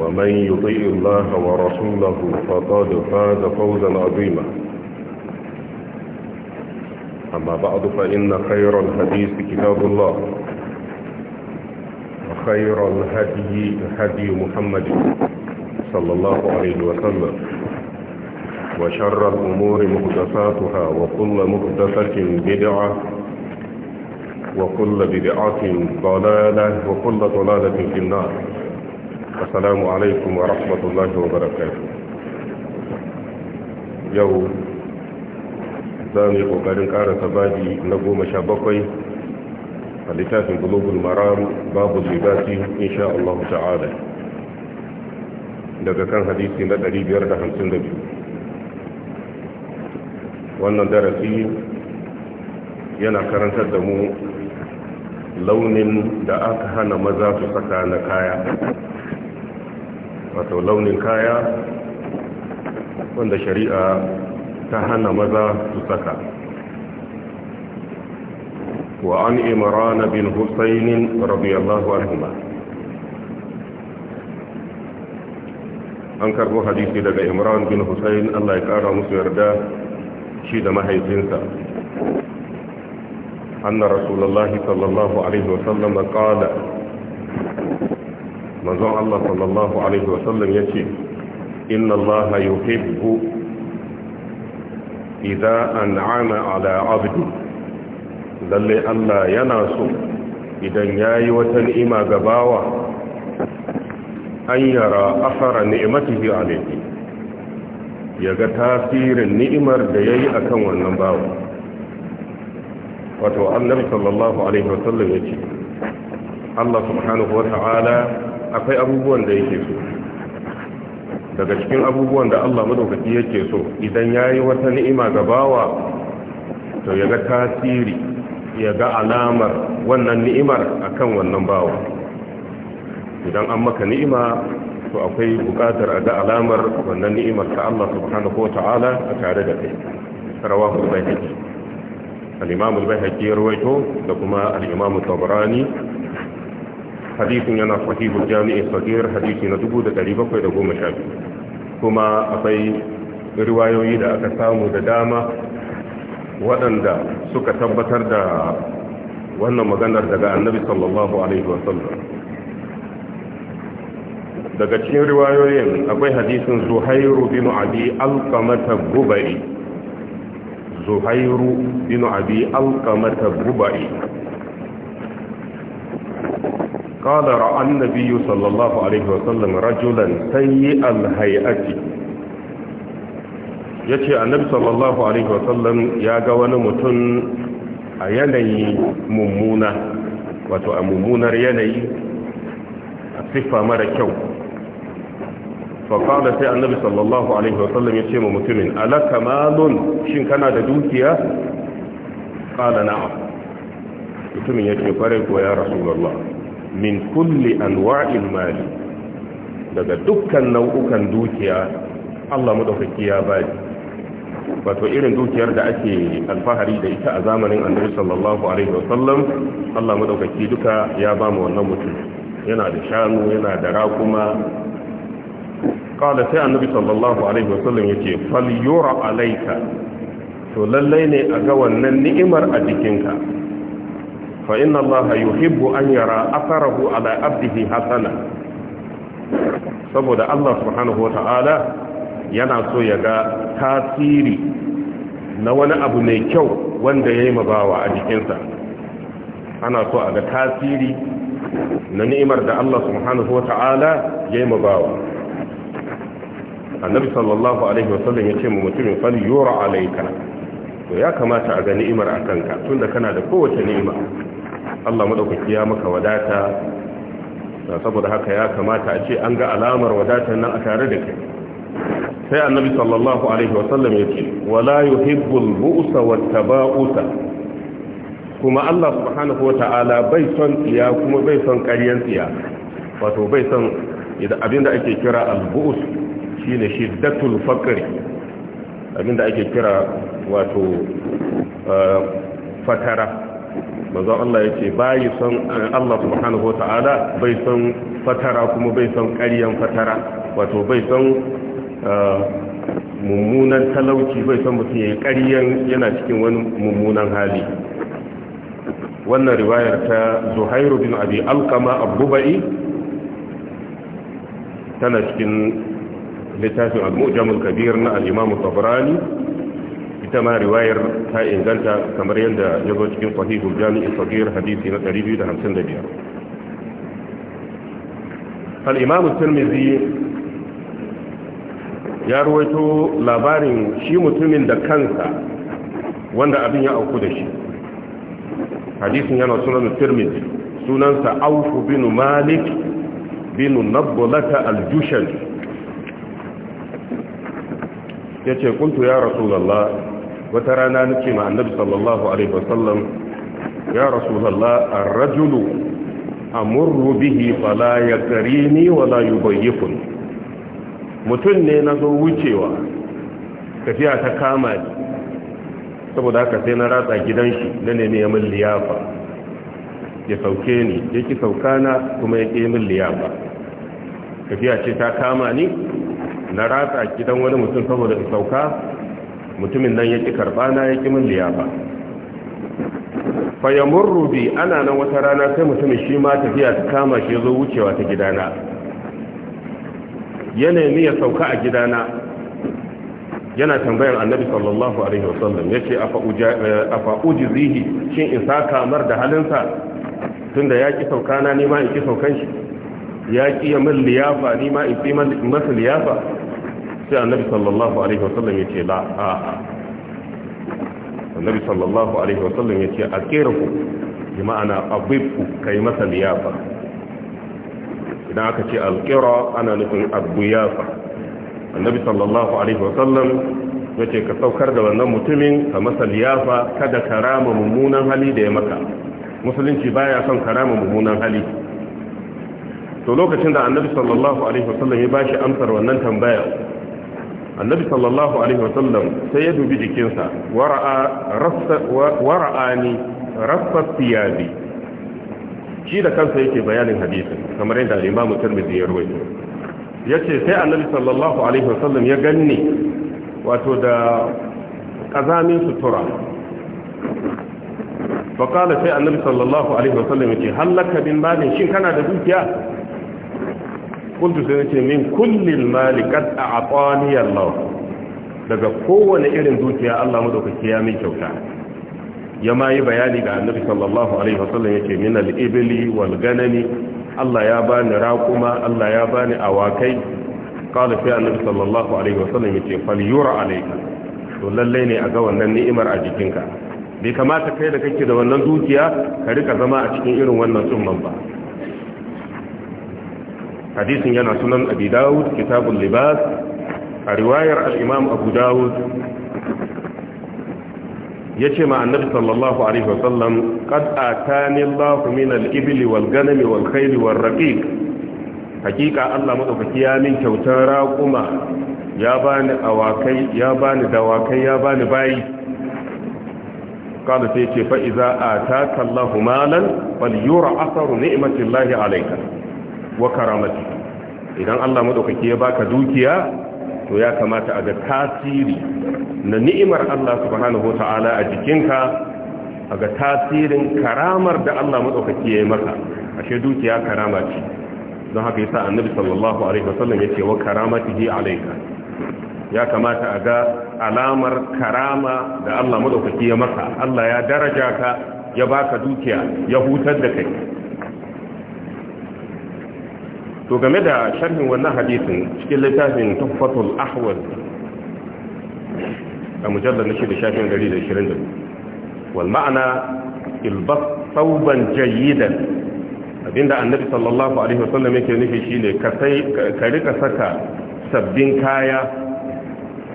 ومن يطيع الله ورسوله فقد فاز فوزا عظيما أما بعد فإن خير الحديث كتاب الله وخير الهدي هدي محمد صلى الله عليه وسلم وشر الأمور مهدساتها وكل مهدسة بدعة وكل بدعة ضلالة وكل ضلالة في النار assalamu alaikum wa rahmatullahi wa barakatuh yau za mu yi ƙoƙarin ƙarasa babi na goma sha bakwai a littafin Global maram babu libati insha Allah ta'ala daga kan hadisi na 552 wannan darasi yana karantar da mu launin da aka hana maza su saka na kaya wato launin kaya wanda shari'a ta hana maza su saka wa an imran bin husayn radiyallahu anhu an karbo hadisi daga imran bin husayn Allah ya kara musu yarda shi da mahaifinsa anna rasulullahi sallallahu alaihi wasallam qala manzon Allah sallallahu alaihi wa sallam yace inna Allah yuhibbu idza an'ama ala 'abdi lalle Allah yana so idan yayi wata ni'ima ga bawa an yara asara ni'matihi alayhi yaga tasirin ni'imar da yayi akan wannan bawa wato annabi sallallahu alaihi wa sallam yace Allah subhanahu wa ta'ala akwai abubuwan da yake so daga cikin abubuwan da Allah madaukaki yake so idan yayi wata ni'ima ga bawa to yaga tasiri ya ga alamar wannan ni'imar akan wannan bawa idan an maka ni'ima to akwai buƙatar a ga alamar wannan ni'imar ta Allah subhanahu wata'ala a tare da kai rawahu al-bayhaqi al-imam al-bayhaqi ya rawaito da kuma al-imam tabarani hadisin yana sahihu jami'i fakirar hadisi na 1712 kuma akwai riwayoyi da aka samu da dama waɗanda suka tabbatar da wannan maganar daga annabi sallallahu alaihi wasallam daga cikin riwayoyin akwai hadisin zuhairu bin abi alqamata gubai zuhairu bin abi alqamata gubai قال رأى النبي صلى الله عليه وسلم رجلا سيء الهيئة yace annabi sallallahu alaihi wasallam ya ga wani mutum a yanayi mummuna wato a mummunar yanayi a siffa mara kyau faƙaɗa sai annabi sallallahu alaihi wasallam ya ce ma mutumin alaka malun shin kana da dukiya ƙada na'am mutumin ya ce ko ya rasu min kulli anwa'il mali daga dukkan nau'ukan dukiya Allah madaukaki ya bani wato irin dukiyar da ake alfahari da ita a zamanin Annabi sallallahu alaihi wasallam Allah madaukaki duka ya ba mu wannan mutum yana da shanu yana da raƙuma qala sai Annabi sallallahu alaihi wasallam yace fal yura alayka to lallai ne a ga wannan ni'imar a jikinka fa inna Allah yuhibbu an yara atharahu ala abdihi hasana saboda Allah subhanahu ta'ala yana so ya ga tasiri na wani abu mai kyau wanda ya yi mabawa a jikinsa ana so a ga tasiri na ni'imar da Allah subhanahu ta'ala ya yi mabawa annabi sallallahu alaihi wasallam ya ce mu mutumin fal yura alaika to ya kamata a ga ni'imar a kanka tunda kana da kowace ni'ima Allah madaukaki ya maka wadata saboda haka ya kamata a ce an ga alamar wadatar nan a tare da kai sai annabi sallallahu alaihi wasallam yake wala yuhibbul bu'sa wat taba'usa kuma Allah subhanahu wata'ala bai son tsiya kuma bai son ƙaryan tsiya wato bai son idan abinda ake kira al-bu'us shine shiddatul faqr abinda ake kira wato eh, fatara manzan Allah ce bai son eh, Allah subhanahu wataala bai son fatara kuma bai son ƙaryan fatara wato bai son eh, mummunan talauci bai son mutum ya ƙaryan yana cikin wani mummunan hali wannan riwayar ta zuhairu bin abi alkama abuba'i tana cikin littafin al-mu'jamul kabir na al-imam tabrani dama riwayar ta inganta kamar yadda ya zo cikin sahihul jami'i sahihar hadisi na 255 al-imam at ya ruwaito labarin shi mutumin da kansa wanda abin ya auku da shi hadisin yana sunan tirmidhi sunansa auf bin malik bin nabulata al Ya ce kuntu ya rasulullah wata rana na ce ma annabi sallallahu alaihi wasallam ya rasulallah ar-rajulu amurru bihi fala yakrini wala yubayyifun Mutun ne na zo wucewa tafiya ta kama ni saboda haka sai na ratsa gidan shi na nemi ya min liyafa ya sauke ni ya ki sauka na kuma ya ƙi min liyafa tafiya ce ta kama ni na ratsa gidan wani mutum saboda in sauka mutumin nan ya ƙi karɓa na ya ƙi min liyafa fayyamur rubi ana nan wata rana sai mutumin shi ma tafiya ta kama shi zo wucewa ta gidana ya nemi ya sauka a gidana yana tambayar annabi sallallahu alaihi wasallam ya ce a fa'uji zihi shin in sa kamar da halinsa tun da ya ƙi sauka na ma in ƙi saukan shi ya ƙi ya min liyafa ma in ƙi masa liyafa sai annabi sallallahu alaihi wasallam ya ce la a annabi sallallahu alaihi wasallam ya ce a kera ku bi ma'ana abibku kai masa liyafa idan aka ce alkira ana nufin abuyafa annabi sallallahu alaihi wasallam ya ce ka saukar da wannan mutumin ka masa liyafa kada ka rama mummunan hali da ya maka musulunci baya son karama mummunan hali to lokacin da annabi sallallahu alaihi wasallam ya bashi amsar wannan tambaya annabi sallallahu alaihi wasallam sai ya dubi jikinsa wara'ani rassar siyazi shi da kansa yake bayanin hadisin kamar yadda al'imamu turmizi ya ruwaito ya ce sai annabi sallallahu alaihi wasallam ya ganni wato da ƙazamin sutura faƙala sai annabi sallallahu alaihi wasallam ya ce hallaka bin malin shin kana da dukiya kuntu sai nace min kullil mali qad a'tani Allah daga kowane irin dukiya Allah madaukaki ya min kyauta ya ma yi bayani ga annabi sallallahu alaihi wasallam yace min al-ibli wal ganami Allah ya bani raquma Allah ya bani awakai qala fi annabi sallallahu alaihi wasallam yace fal yura alayka to lalle ne a ga wannan ni'imar a jikinka bai kamata kai da kake da wannan dukiya ka rika zama a cikin irin wannan tsumman ba hadisin yana sunan abi dawud kitabul libas a riwayar al abu dawud yace ma annabi sallallahu alaihi wasallam qad atani allah min al-ibli wal ganami hakika allah madaukaki ya min kyautar raquma ya bani awakai ya bani dawakai ya bani bayi kada sai ce fa iza ataka allah malan fal yura atharu ni'matillahi alayka wa karamati idan Allah madaukaki ya baka dukiya to ya kamata a ga tasiri na ni'imar Allah subhanahu wata'ala a jikinka a ga tasirin karamar da Allah madaukaki ya yi maka ashe dukiya karama ce don haka yasa annabi sallallahu alaihi wasallam yace wa karamatihi alayka ya kamata a ga alamar karama da Allah madaukaki ya maka Allah ya daraja ka ya baka dukiya ya hutar da kai to game da sharhin wannan hadisin cikin littafin tuffatul ahwal a mujallar na shida shafin 120 wal ma'ana ilbas sauban jayidan abinda annabi sallallahu alaihi wasallam yake nufi shine ka sai ka rika saka sabbin kaya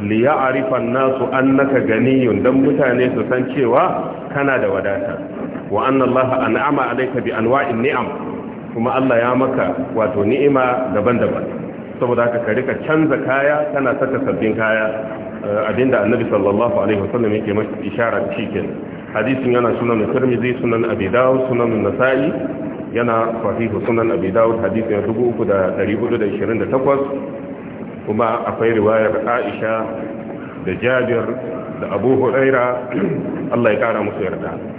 li ya'rifa an-nasu annaka ganiyun dan mutane su san cewa kana da wadata wa anna allaha an'ama alayka bi anwa'in ni'am kuma Allah ya maka wato ni'ima daban-daban saboda haka ka rika canza kaya kana saka sabbin kaya eh, abinda annabi sallallahu alaihi wasallam yake masa isharar cikin hadisin yana sunan tirmidhi sunan abi dawud sunan nasa'i yana sahihu sunan abi dawud hadisin 3428 kuma akwai riwayar aisha da jabir da abu huraira Allah ya kara musu yarda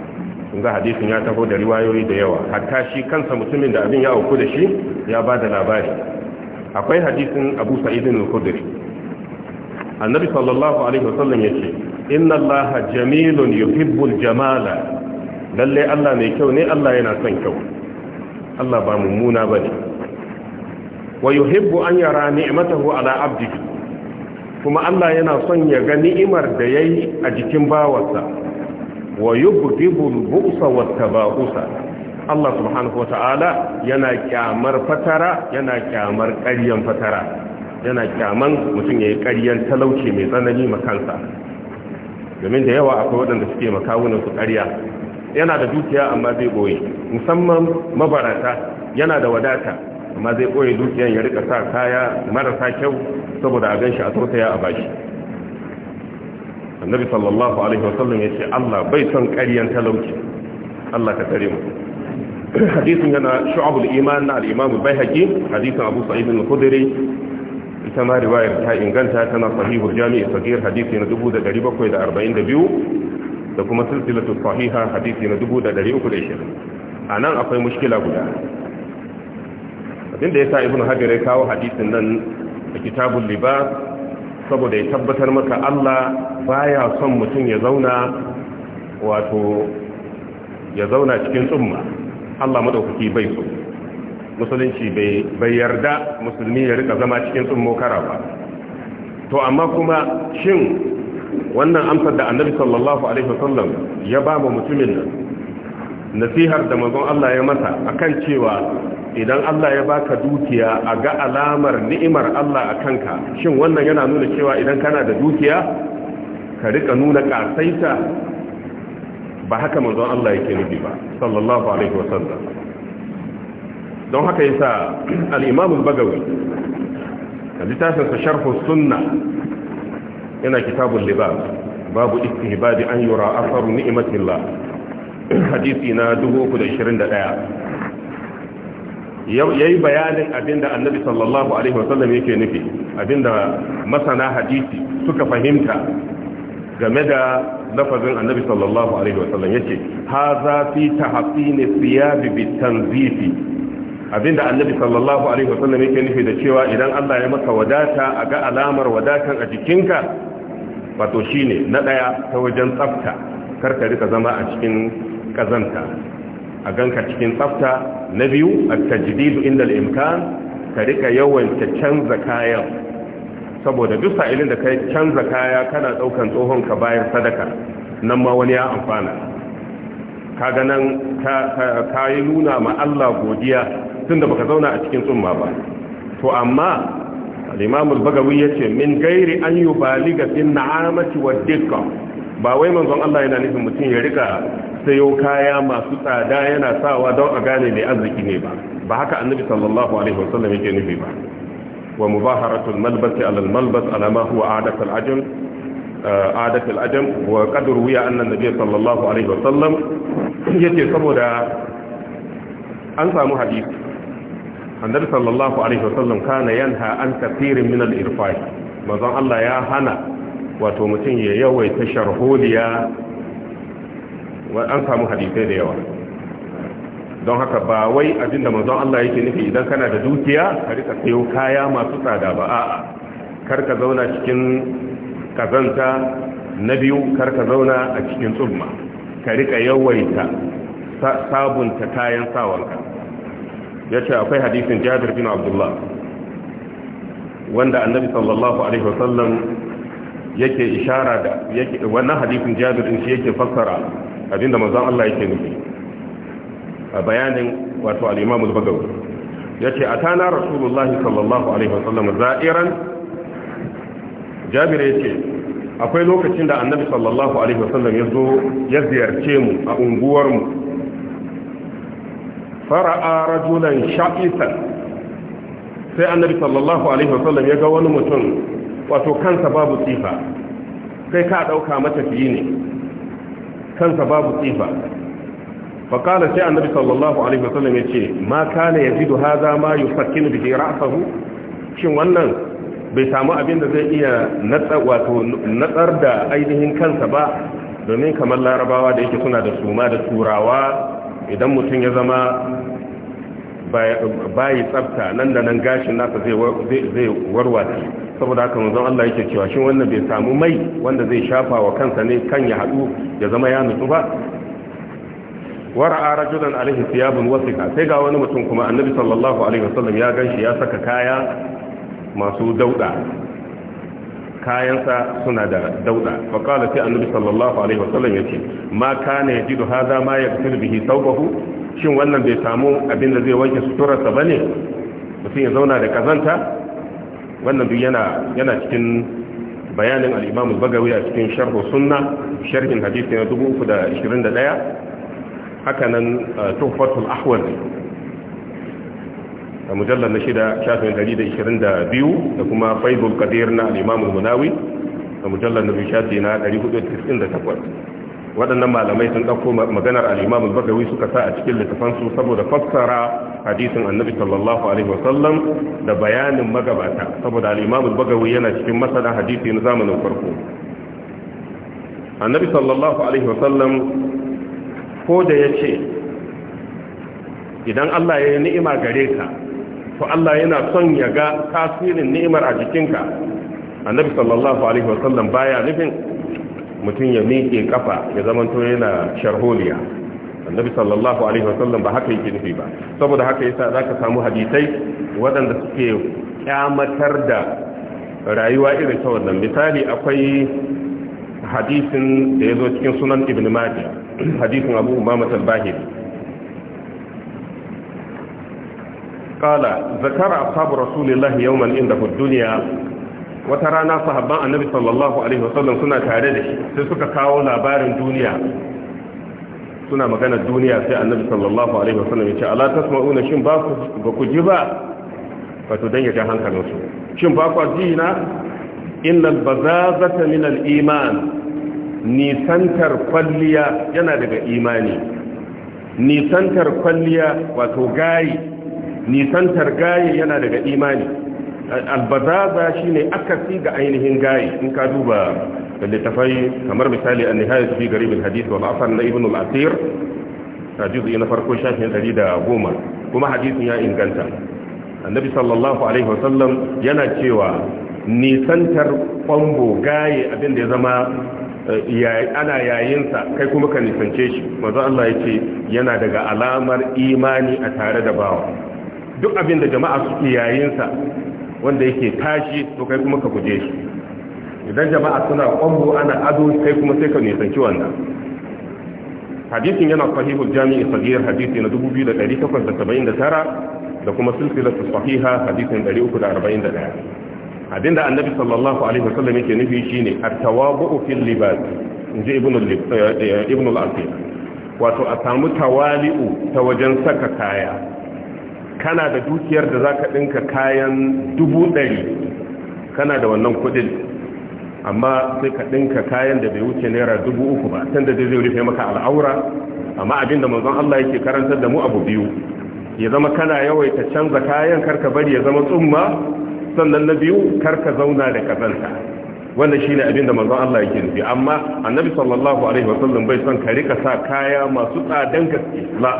kun hadisin ya taho da riwayoyi da yawa hatta shi kansa mutumin da abin ya auku da shi ya ba da labari akwai hadisin abu sa'idin al-khudri annabi sallallahu alaihi wasallam yace inna allaha jamilun yuhibbul jamala lalle Allah mai kyau ne Allah yana son kyau Allah ba mummuna bane wa yuhibbu an yara ni'matahu ala abdihi kuma Allah yana son ya ga ni'imar da yayi a jikin bawansa wa yubghidul bu'sa wat taba'usa Allah subhanahu wa ta'ala yana kyamar fatara yana kyamar ƙaryan fatara yana kyaman mutum yayi ƙaryan talauci mai tsanani makansa domin da yawa akwai waɗanda suke makawunan su ƙarya yana da dukiya amma zai boye musamman mabarata yana da wadata amma zai boye dukiyan ya rika sa kaya marasa kyau saboda a ganshi a tausaya a bashi annabi sallallahu alaihi wasallam ya ce Allah bai son ƙaryan talauci Allah ka tare mu hadisin yana shu'abul iman na al-imam bayhaqi hadisin abu sa'id al-khudri ita ma riwayar ta inganta tana sahihu jami'i sagir hadisi na 1742 da kuma silsilatu sahiha hadisi na 1320 anan akwai mushkila guda abinda yasa ibnu hajar ya kawo hadisin nan a kitabul libas saboda ya tabbatar maka Allah baya son mutum ya zauna wato ya zauna cikin tsumma Allah madaukaki bai so musulunci bai yarda musulmi ya rika zama cikin tsummo kara ba to amma kuma shin wannan amsar da annabi sallallahu alaihi wasallam ya ba mu mutumin nan nasihar da manzon Allah ya masa akan cewa idan Allah ya baka dukiya a ga alamar ni'imar Allah a kanka shin wannan yana nuna cewa idan kana da dukiya ka rika nuna kasaita ba haka manzon Allah yake nufi ba sallallahu alaihi wasallam don haka yasa al-Imam al-Bagawi littafin sa Sharh sunna yana kitabul libab babu istihbadi an yura atharu ni'matillah hadisi na 321 yayi bayanin abinda annabi sallallahu alaihi wasallam yake nufi abinda masana hadisi suka fahimta game da lafazin annabi sallallahu alaihi wasallam yake haza fi tahsini siyabi bitanzifi abinda annabi sallallahu alaihi wasallam yake nufi da cewa idan Allah ya maka wadata a ga alamar wadatan a jikinka wato shine na daya ta wajen tsafta karka rika zama a cikin kazanta a ganka cikin tsafta na biyu a tajdidu inda al'imkan ka rika yawanta canza kayan saboda duk sa'ilin da ka canza kaya kana ɗaukan tsohon ka bayan sadaka nan ma wani ya amfana kaga nan ka yi nuna ma Allah godiya tun da baka zauna a cikin tsumma ba to amma al'imamul bagawi ya ce min gairi an yi baliga fin na'amati wa dika ba wai manzon Allah yana nufin mutum ya rika sayo kaya masu tsada yana sawa don a gane mai arziki ne ba ba haka annabi sallallahu alaihi wasallam yake nufi ba wa mubaharatul malbas ala al malbas ala ma huwa adat al ajam eh, adat al ajam wa qad ruwiya anna nabiy sallallahu alaihi wasallam yace saboda an samu hadisi annabi sallallahu alaihi wasallam kana yanha an kathirin min al irfai manzon Allah ya hana wato mutum ya yawaita sharholiya an samu hadisai da yawa don haka ba wai abinda manzon Allah yake nufi idan kana da dukiya ka rika sayo kaya masu tsada ba a'a kar ka zauna cikin kazanta na biyu kar ka zauna a cikin tsumma ka rika yawaita sabunta kayan sawanka ce akwai hadisin Jabir bin Abdullah wanda Annabi sallallahu alaihi wasallam yake ishara da yake wannan hadisin Jabir din shi yake fassara abinda manzon Allah yake nufi a bayanin wato al-Imam al-Bagawi yace atana rasulullahi sallallahu alaihi wasallam za'iran Jabir yace akwai lokacin da Annabi sallallahu alaihi wasallam ya zo ya ziyarce mu a unguwar mu fara'a rajulan sha'isan sai Annabi sallallahu alaihi wasallam ya ga wani mutum wato kansa babu tsifa sai ka dauka matafiyi ne kansa babu tsifa faƙala sai annabi sallallahu alaihi wasallam ya ce ma kana yazidu haza ma yufakkinu bihi ra'sahu shin wannan bai samu abin da zai iya natsa wato natsar da ainihin kansa ba domin kamar larabawa da yake suna da suma da turawa idan mutum ya zama bayi tsafta nan da nan gashin nasa zai warwace. saboda haka manzon Allah yake cewa shin wannan bai samu mai wanda zai shafa wa kansa ne kan ya hadu ya zama ya nutsu ba wara'a rajulan alaihi thiyabun wasiqa sai ga wani mutum kuma annabi sallallahu alaihi wasallam ya ganshi ya saka kaya masu dauda kayansa suna da dauda fa qala fi annabi sallallahu alaihi wasallam yace ma kana yajidu hadha ma yaghsil bihi thawbahu shin wannan bai samu abin da zai wanke suturarsa bane mutum ya zauna da kazanta wannan duk yana yana cikin bayanin al bagawi a cikin sharho Sunna sharhin hadisi na 321 hakanan tufatul ahwar Ahwaz Da mujallar na shida shafin dari da kuma Faizul Qadir na al munawi da mujallar na biyu shafi da 498 waɗannan malamai sun ɗauko maganar al-imam al-bagawi suka sa a cikin littafansu saboda fassara hadisin annabi sallallahu alaihi wasallam da bayanin magabata saboda al-imam al-bagawi yana cikin masana hadisi na zamanin farko annabi sallallahu alaihi wasallam ko da ya ce idan Allah ya yi ni'ima gare ka to Allah yana son ya ga tasirin ni'imar a jikinka annabi sallallahu alaihi wasallam baya nufin mutum ya miƙe kafa ya zamanto yana sharholiya annabi sallallahu alaihi wasallam ba haka yake nufi ba saboda haka yasa zaka samu hadisai waɗanda suke kyamatar da rayuwa irin ta wannan misali akwai hadisin da yazo cikin sunan ibn majah hadisin abu umama al-bahili قال ذكر أصحاب رسول الله inda عنده الدنيا wata rana sahabban annabi sallallahu alaihi wasallam suna tare da shi sai suka kawo labarin duniya suna magana duniya sai annabi sallallahu alaihi wasallam ya ce ala tasma'una shin ba ku ba ku ji ba wato dan ya ga hankalin su shin ba ku ji na innal bazazata min al iman nisantar kwalliya yana daga imani nisantar kwalliya wato gayi nisantar gayi yana daga imani albazaza ne akasi ga ainihin gayi in ka duba littafai kamar misali an su fi garib alhadith wal asar na ibn al-asir juz'i na farko shafin 110 kuma hadisin ya inganta annabi sallallahu alaihi wasallam yana cewa nisantar kwambo gaye abin da ya zama eh, ana yayinsa kai kuma ka nisance shi maza Allah ya ce yana daga alamar imani a tare da bawa duk abin da jama'a suke yayinsa wanda yake tashi to kai kuma ka guje shi idan jama'a suna kwambo ana ado kai kuma sai ka nisanci wannan hadisin yana sahihul jami'i sahihar hadisi na 2879 da kuma silsilatu sahiha hadisin 341 abinda annabi sallallahu alaihi wasallam yake nufi shine at-tawabu fil libas inji ibnu eh, ibnu al-asir wato a samu tawali'u ta wajen saka kaya kana da dukiyar da za ka dinka kayan dubu ɗari kana da wannan kudin amma sai ka ɗinka kayan da bai wuce naira dubu uku ba tun da zai rufe maka al'aura amma da manzon Allah yake karantar da mu abu biyu ya zama kana yawaita canza kayan karka bari ya zama tsumma sannan na biyu karka zauna da kazanta wannan shine abin da manzon Allah yake nufi amma annabi sallallahu alaihi wasallam bai son ka rika sa kaya masu tsadan gaske la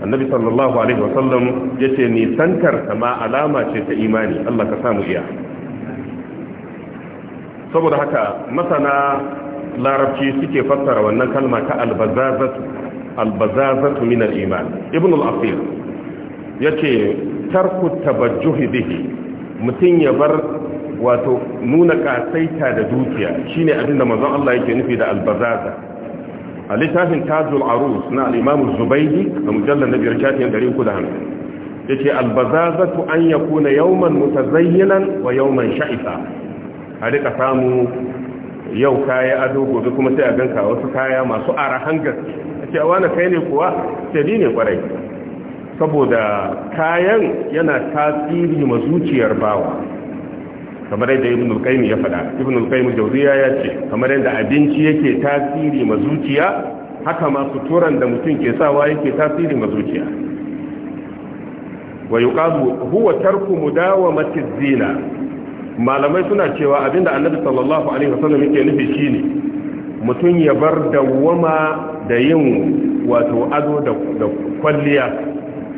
annabi sallallahu alaihi wasallam yace ni sankar kama alama ce ta imani Allah ka samu iya saboda haka masana larabci suke fassara wannan kalma ta albazazatu albazazatu min al-iman ibn al-asir yace tarku tabajjuhi bihi mutun ya bar wato nuna kasaita da dukiya shine abinda manzon Allah yake nufi da albazaza a littafin tajul arus na al'imamu zubaidi a mujallar na biyar shafin hannu. ya ce albazazatu an ya kuna yauman mutazayyanan wa yauman sha'isa a rika samu yau kaya ado gobe kuma sai a ganka wasu kaya masu ara hangar a ce wani kai ne kuwa bi ne kwarai saboda kayan yana tasiri ma zuciyar bawa kamar yadda ibn al-qayyim ya faɗa ibn al-qayyim jawziya ya ce kamar yadda abinci yake tasiri ma zuciya haka ma suturan da mutum ke sawa yake tasiri ma zuciya wa yuqadu huwa tarku mudawamati zina malamai suna cewa abinda annabi sallallahu alaihi wasallam yake nufi shine mutum ya bar wama da yin wato ado da kwalliya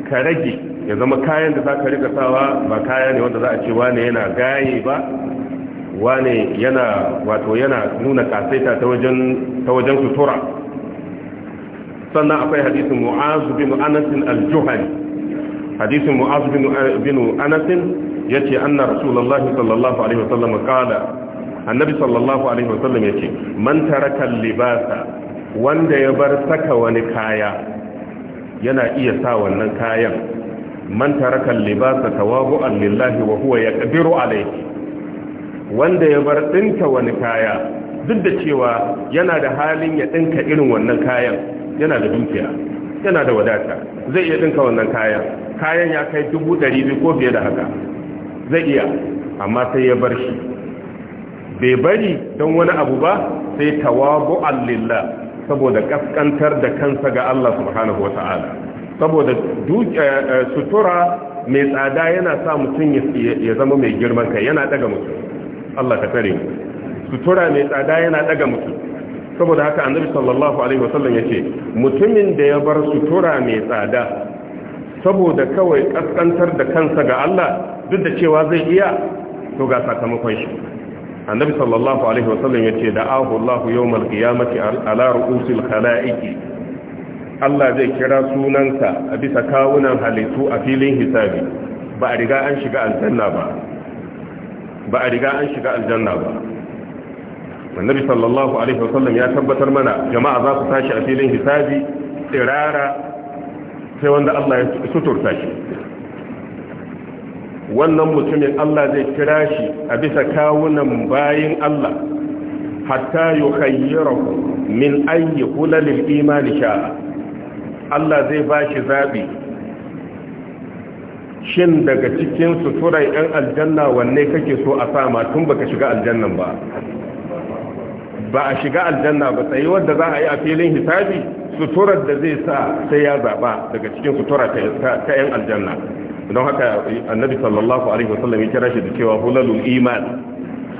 ka rage ya zama kayan da za ka rika sawa ba kaya ne wanda za a ce wane yana gaye ba wane yana wato yana nuna kasaita ta wajen sutura sannan akwai hadisin mu'az bin anas al-juhani hadisin mu'az bin anas yace anna rasulullahi sallallahu alaihi wasallam qala annabi sallallahu alaihi wasallam yace man taraka libasa wanda ya bar saka wani kaya yana iya sa wannan kayan man taraka libasa tawabu'an lillahi wa huwa yaqdiru alayhi wanda ya bar dinka wani kaya duk da cewa yana da halin ya dinka irin wannan kayan yana da dukiya yana da wadata zai iya dinka wannan kayan kayan ya kai dubu ɗari biyu ko fiye da haka zai iya amma sai ya bar shi bai bari don wani abu ba sai tawabu'an lillah saboda kaskantar da kansa ga Allah subhanahu wata'ala saboda eh, eh, sutura mai tsada yana sa mutum ya zama mai girman kai yana daga mutum Allah ka tare sutura mai tsada yana daga mutum saboda haka annabi sallallahu alaihi wasallam yace mutumin da ya bar sutura mai tsada saboda kawai kaskantar da kansa ga Allah duk da cewa zai iya to ga sakamakon shi annabi sallallahu alaihi wasallam yace da ahu Allah yawmal qiyamati ala ru'usil khalaiqi Allah zai kira sunansa a bisa kawunan halittu a filin hisabi ba a riga an shiga aljanna ba ba a riga an shiga aljanna ba annabi sallallahu alaihi wasallam ya tabbatar mana jama'a za su tashi a filin hisabi tsirara sai wanda Allah ya suturta shi wannan mutumin Allah zai kira shi a bisa kawunan bayin Allah hatta yukhayyirahu min ayyi kulalil imani sha'a Allah zai ba shi zaɓi shin daga cikin suturar 'yan aljanna wanne kake so a sama tun baka shiga aljannan ba ba a shiga aljanna ba tsaye wadda za a yi a filin hisabi suturar da zai sa sai ya zaɓa daga cikin sutura ta 'yan aljanna don haka annabi sallallahu alaihi wasallam ya kira shi da cewa hulalul iman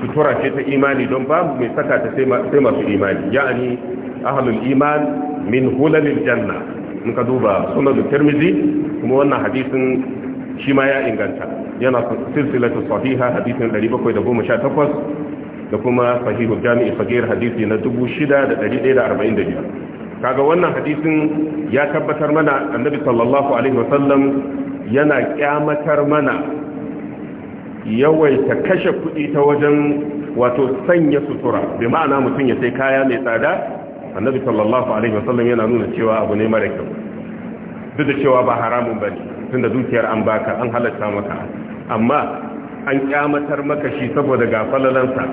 sutura ce ta imani don babu mai saka ta sai masu imani ya'ani ahlul iman min hulalil janna in ka duba sunan tirmidhi kuma wannan hadisin shi ma ya inganta yana silsilatu sahiha hadisin 718 da kuma sahihul jami'i sagir hadisi na 6145 kaga wannan hadisin ya tabbatar mana annabi sallallahu alaihi wasallam yana kyamatar mana yawaita kashe kuɗi ta wajen wato sanya sutura bi ma'ana mutum ya sai kaya mai tsada annabi sallallahu alaihi wasallam yana nuna cewa abu ne mara kyau duk da cewa ba haramun bane tunda dukiyar an baka an halatta maka amma an kyamatar maka shi saboda gafalalansa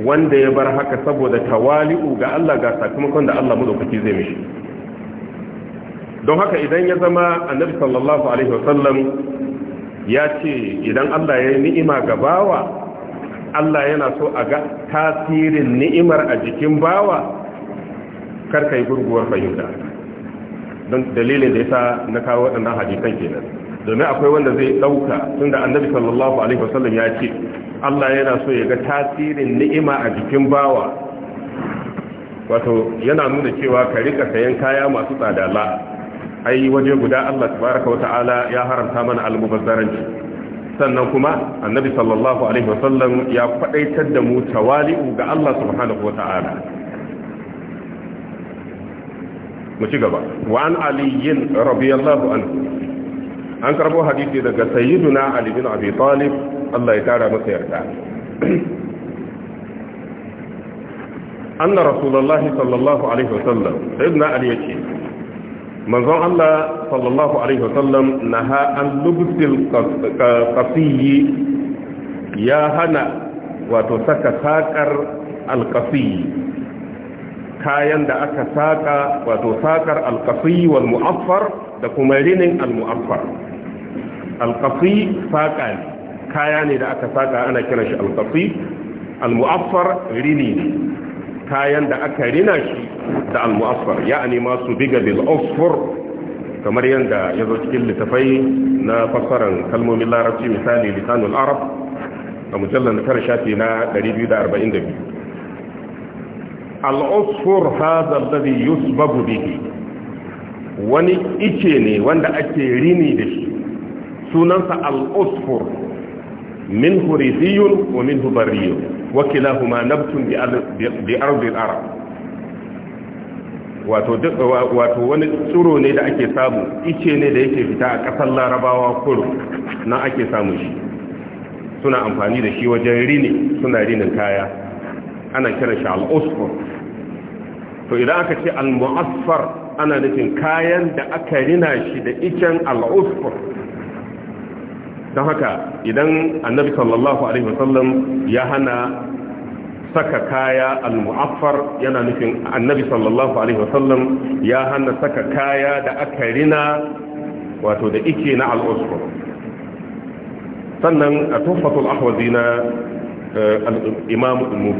wanda ya bar haka saboda tawali'u ga Allah ga sakamakon da Allah madaukaki zai mishi don haka idan ya zama annabi sallallahu alaihi wasallam ya ce idan Allah ya yi ni'ima ga bawa Allah yana so a ga tasirin ni'imar a jikin bawa kar ka yi gurguwar fahimta don dalilin da ya sa na kawo waɗannan hadisan kenan domin akwai wanda zai ɗauka tun da annabi sallallahu alaihi wasallam ya ce Allah yana so ya ga tasirin ni'ima a jikin bawa wato yana nuna cewa ka rika sayan kaya masu tsadala. ai waje guda Allah tabaraka wa ya haramta mana almubazzaranci sannan kuma annabi sallallahu alaihi wasallam ya faɗaitar da mu tawali'u ga Allah subhanahu wa mu ci gaba wa an aliyin radiyallahu anhu an karbo hadisi daga sayyiduna ali bin abi talib Allah ya tara masa yarda anna rasulullahi sallallahu alaihi wasallam sayyiduna ali yace manzon Allah sallallahu alaihi wasallam naha an lubsil qasiyi ya hana wato saka sakar alqasiyi kayan da aka saka wato sakar alkafi wal mu'affar da kuma rinin al mu'affar alkafi saka ne kaya ne da aka saka ana kiran shi alkafi al mu'affar rini ne kayan da aka rina shi da al mu'affar ya'ani masu biga bil usfur kamar yadda ya zo cikin littafai na fassarar kalmomin larabci misali lisanul arab a mujallar tara shafi na 242 al'usfur hadha alladhi yusbagu bihi wani ice ne wanda ake rini da shi sunansa al'usfur min huriziyun wa min hubariyun wakilahuma nabtun bi ardil arab wato wato wani tsiro ne da ake samu ice ne da yake fita a ƙasar larabawa kuro na ake samu shi suna amfani da shi wajen rini suna rinin kaya ana kira shi al'usfur to idan aka ce al-mu'asfar ana nufin kayan da aka rina shi da icen al-usfur don haka idan annabi sallallahu alaihi wasallam ya hana saka kaya al-mu'affar yana nufin annabi sallallahu alaihi wasallam ya hana saka kaya da aka rina wato da ike na al-usfur sannan a tuffatul ahwazina imam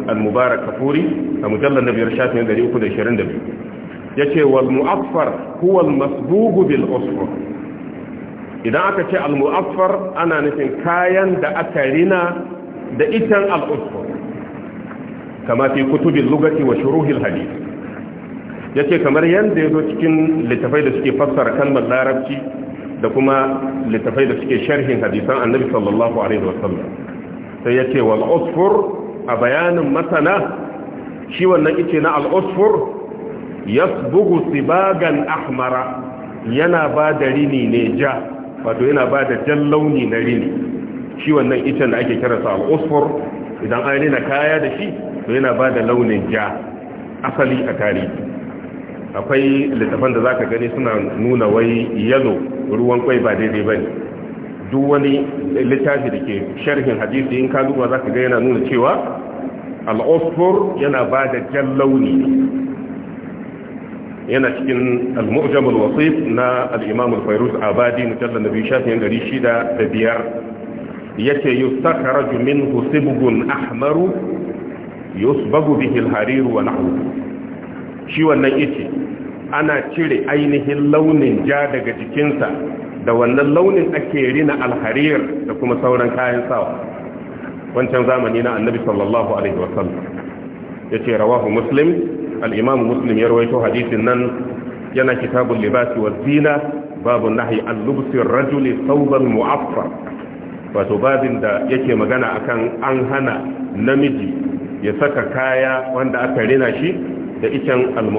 al-mubarak kafuri a mujallar na biyar shafin 322 ya ce wal mu'affar huwa masbugu bil usfur idan aka ce al mu'affar ana nufin kayan da aka rina da itan al usfur kama fi kutubin lugati wa shuruhil hadith yace kamar yanda yazo cikin littafai da suke fassara kalmar larabci da kuma littafai da suke sharhin hadisan annabi sallallahu alaihi wasallam sai ya ce wal usfur a bayanin masana shi wannan ice na al usfur bugu sibagan ahmara yana ba da rini ne ja wato yana ba da jan launi na rini shi wannan ice da ake kiransa al usfur idan an rina kaya da shi to yana ba da launin ja asali a tarihi akwai littafan da zaka gani suna nuna wai yalo ruwan kwai ba daidai ba duk wani littafi da ke sharhin hadisi in ka duba za ka ga yana nuna cewa al'usfur yana ba da jan launi yana cikin al-mu'jam wasif na al-imam al-fayruz abadi mujallal nabi shafin 605 yace yustakhraju minhu sibgun ahmaru yusbagu bihi al-harir wa nahwu shi wannan yace ana cire ainihin launin ja daga jikinsa da wannan launin ake rina alharir da kuma sauran kayan sawa wancan zamani na annabi sallallahu alaihi wasallam yace rawahu muslim al'imamu imam muslim ya rawaito hadisin nan yana kitabun libasi wa zina babu nahi al-lubsi rajuli thawban mu'affar wato babin da yake magana akan an hana namiji ya saka kaya wanda aka rina shi da icen al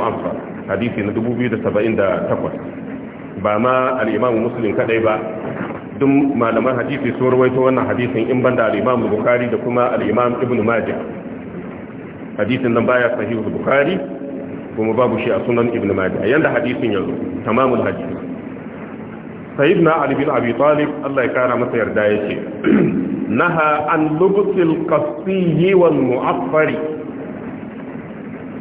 hadisi na 2078 ba ma al'imam musulun kadai ba duk malaman hadisi sun rawaito wannan hadisin in banda al'imam bukari da kuma al'imam ibn majah hadisin nan baya sahihu bukari kuma babu shi a sunan ibn majah yadda hadisin yanzu tamamul hadisi. sayyidina na bin abi talib Allah ya kara masa yarda ya ce. naha an lubsil qasiyyi wal mu'affari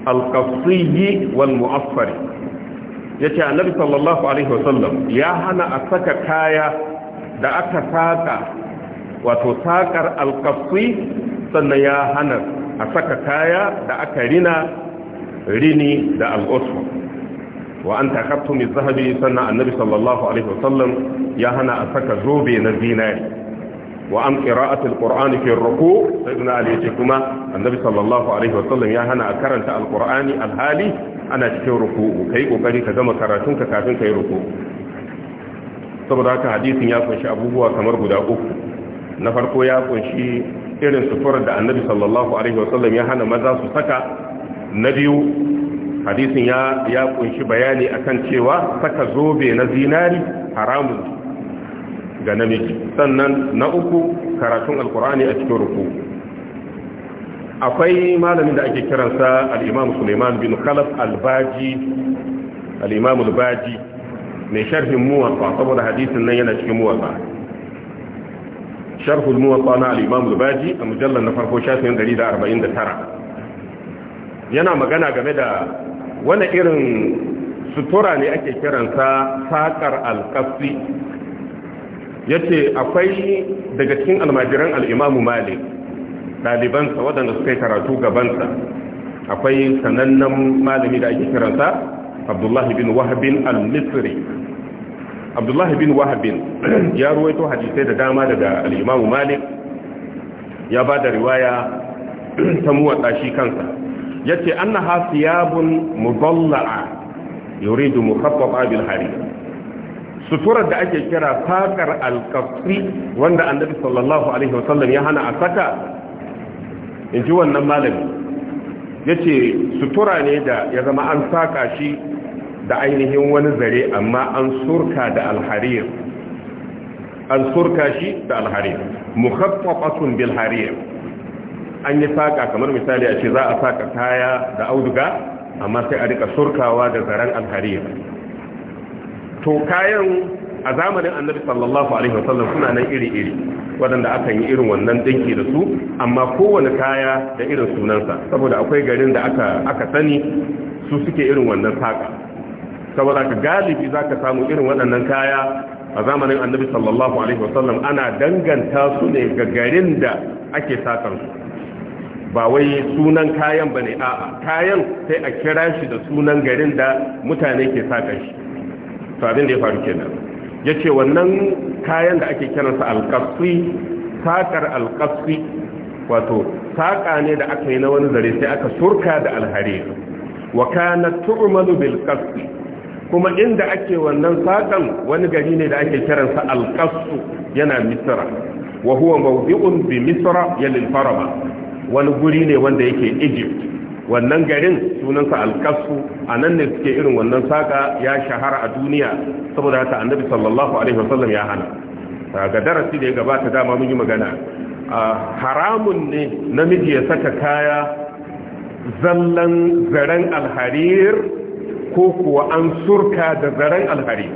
al qasiyyi wal mu'affari yace annabi sallallahu alaihi wasallam ya hana a saka kaya da aka saka wato sakar alkafsi sannan ya hana a saka kaya da aka rina rini da al'usfu wa an takattu min zahabi sannan annabi sallallahu alaihi wasallam ya hana a saka zobe na zinari wa an qira'atul qur'ani fi sai sayyidina ali ce kuma annabi sallallahu alaihi wasallam ya hana a karanta alqur'ani alhali ana cikin ruku'u yi kokari ka gama karatun ka kafin kai ruku'u saboda haka hadisin ya kunshi abubuwa kamar guda uku na farko ya kunshi irin sufurar da annabi sallallahu alaihi wasallam ya hana maza su saka na biyu hadisin ya ya kunshi bayani akan cewa saka zobe na zinari haramun ga namiji sannan na uku karatun alkur'ani a cikin ruku'u akwai malamin da ake kiransa al-imam Sulaiman bin Khalaf al-Baji al-imam al-Baji mai sharhin muwatta saboda hadisin nan yana cikin muwatta sharh al-muwatta na al-imam al-Baji a mujallal na farko shafin 149 yana magana game da wani irin sutura ne ake kiransa saƙar al Ya yace akwai daga cikin almajiran al-imam Malik ɗalibansa waɗanda suka yi karatu gabansa akwai sanannen malami da ake kiransa abdullahi bin wahabin al-misri abdullahi bin wahabin ya ruwaito hadisai da dama daga al'imamu malik ya ba da riwaya ta muwatsa shi kansa ya ce an na hafi yabun muballa'a yuridu muhabbaɓa bil hari suturar da ake kira fakar alkafri wanda annabi sallallahu alaihi wasallam ya hana a saka in ji wannan malami ya ce sutura ne da ya zama an saƙa shi da ainihin wani zare amma an surka da an surka shi da alharir mukhaffafatun bil harir an yi saƙa kamar misali a ce za a saƙa kaya da auduga amma sai a rika surkawa da zaren alharir to kayan a zamanin annabi sallallahu alaihi wasallam suna nan iri-iri waɗanda aka yi irin wannan dinki da su amma kowane kaya da irin sunansa saboda akwai garin da aka sani su suke irin wannan saka saboda ka galibi zaka samu irin waɗannan kaya a zamanin annabi sallallahu alaihi wasallam ana danganta su ne ga garin da ake sakar su ba wai sunan kayan ne. a'a kayan sai a kira shi da sunan garin da mutane ke sakar shi to abin da ya faru kenan ya ce wannan kayan da ake kiransa alkasfi sakar alkasfi wato saƙa ne da aka yi na wani zare sai aka surka da alhari wa kana tu'malu bil qasfi kuma inda ake wannan saƙan wani gari ne da ake kiransa alqassu yana misra wa huwa mawdi'un bi misra yalil farama wani guri ne wanda yake egypt wannan garin sunansa alkasu a nan ne suke irin wannan saƙa ya shahara a duniya saboda haka annabi sallallahu alaihi wasallam ya hana ga darasi da ya gabata dama mun yi magana haramun ne namiji ya saka kaya zallan zaren alharir ko kuwa an surka da zaren alharir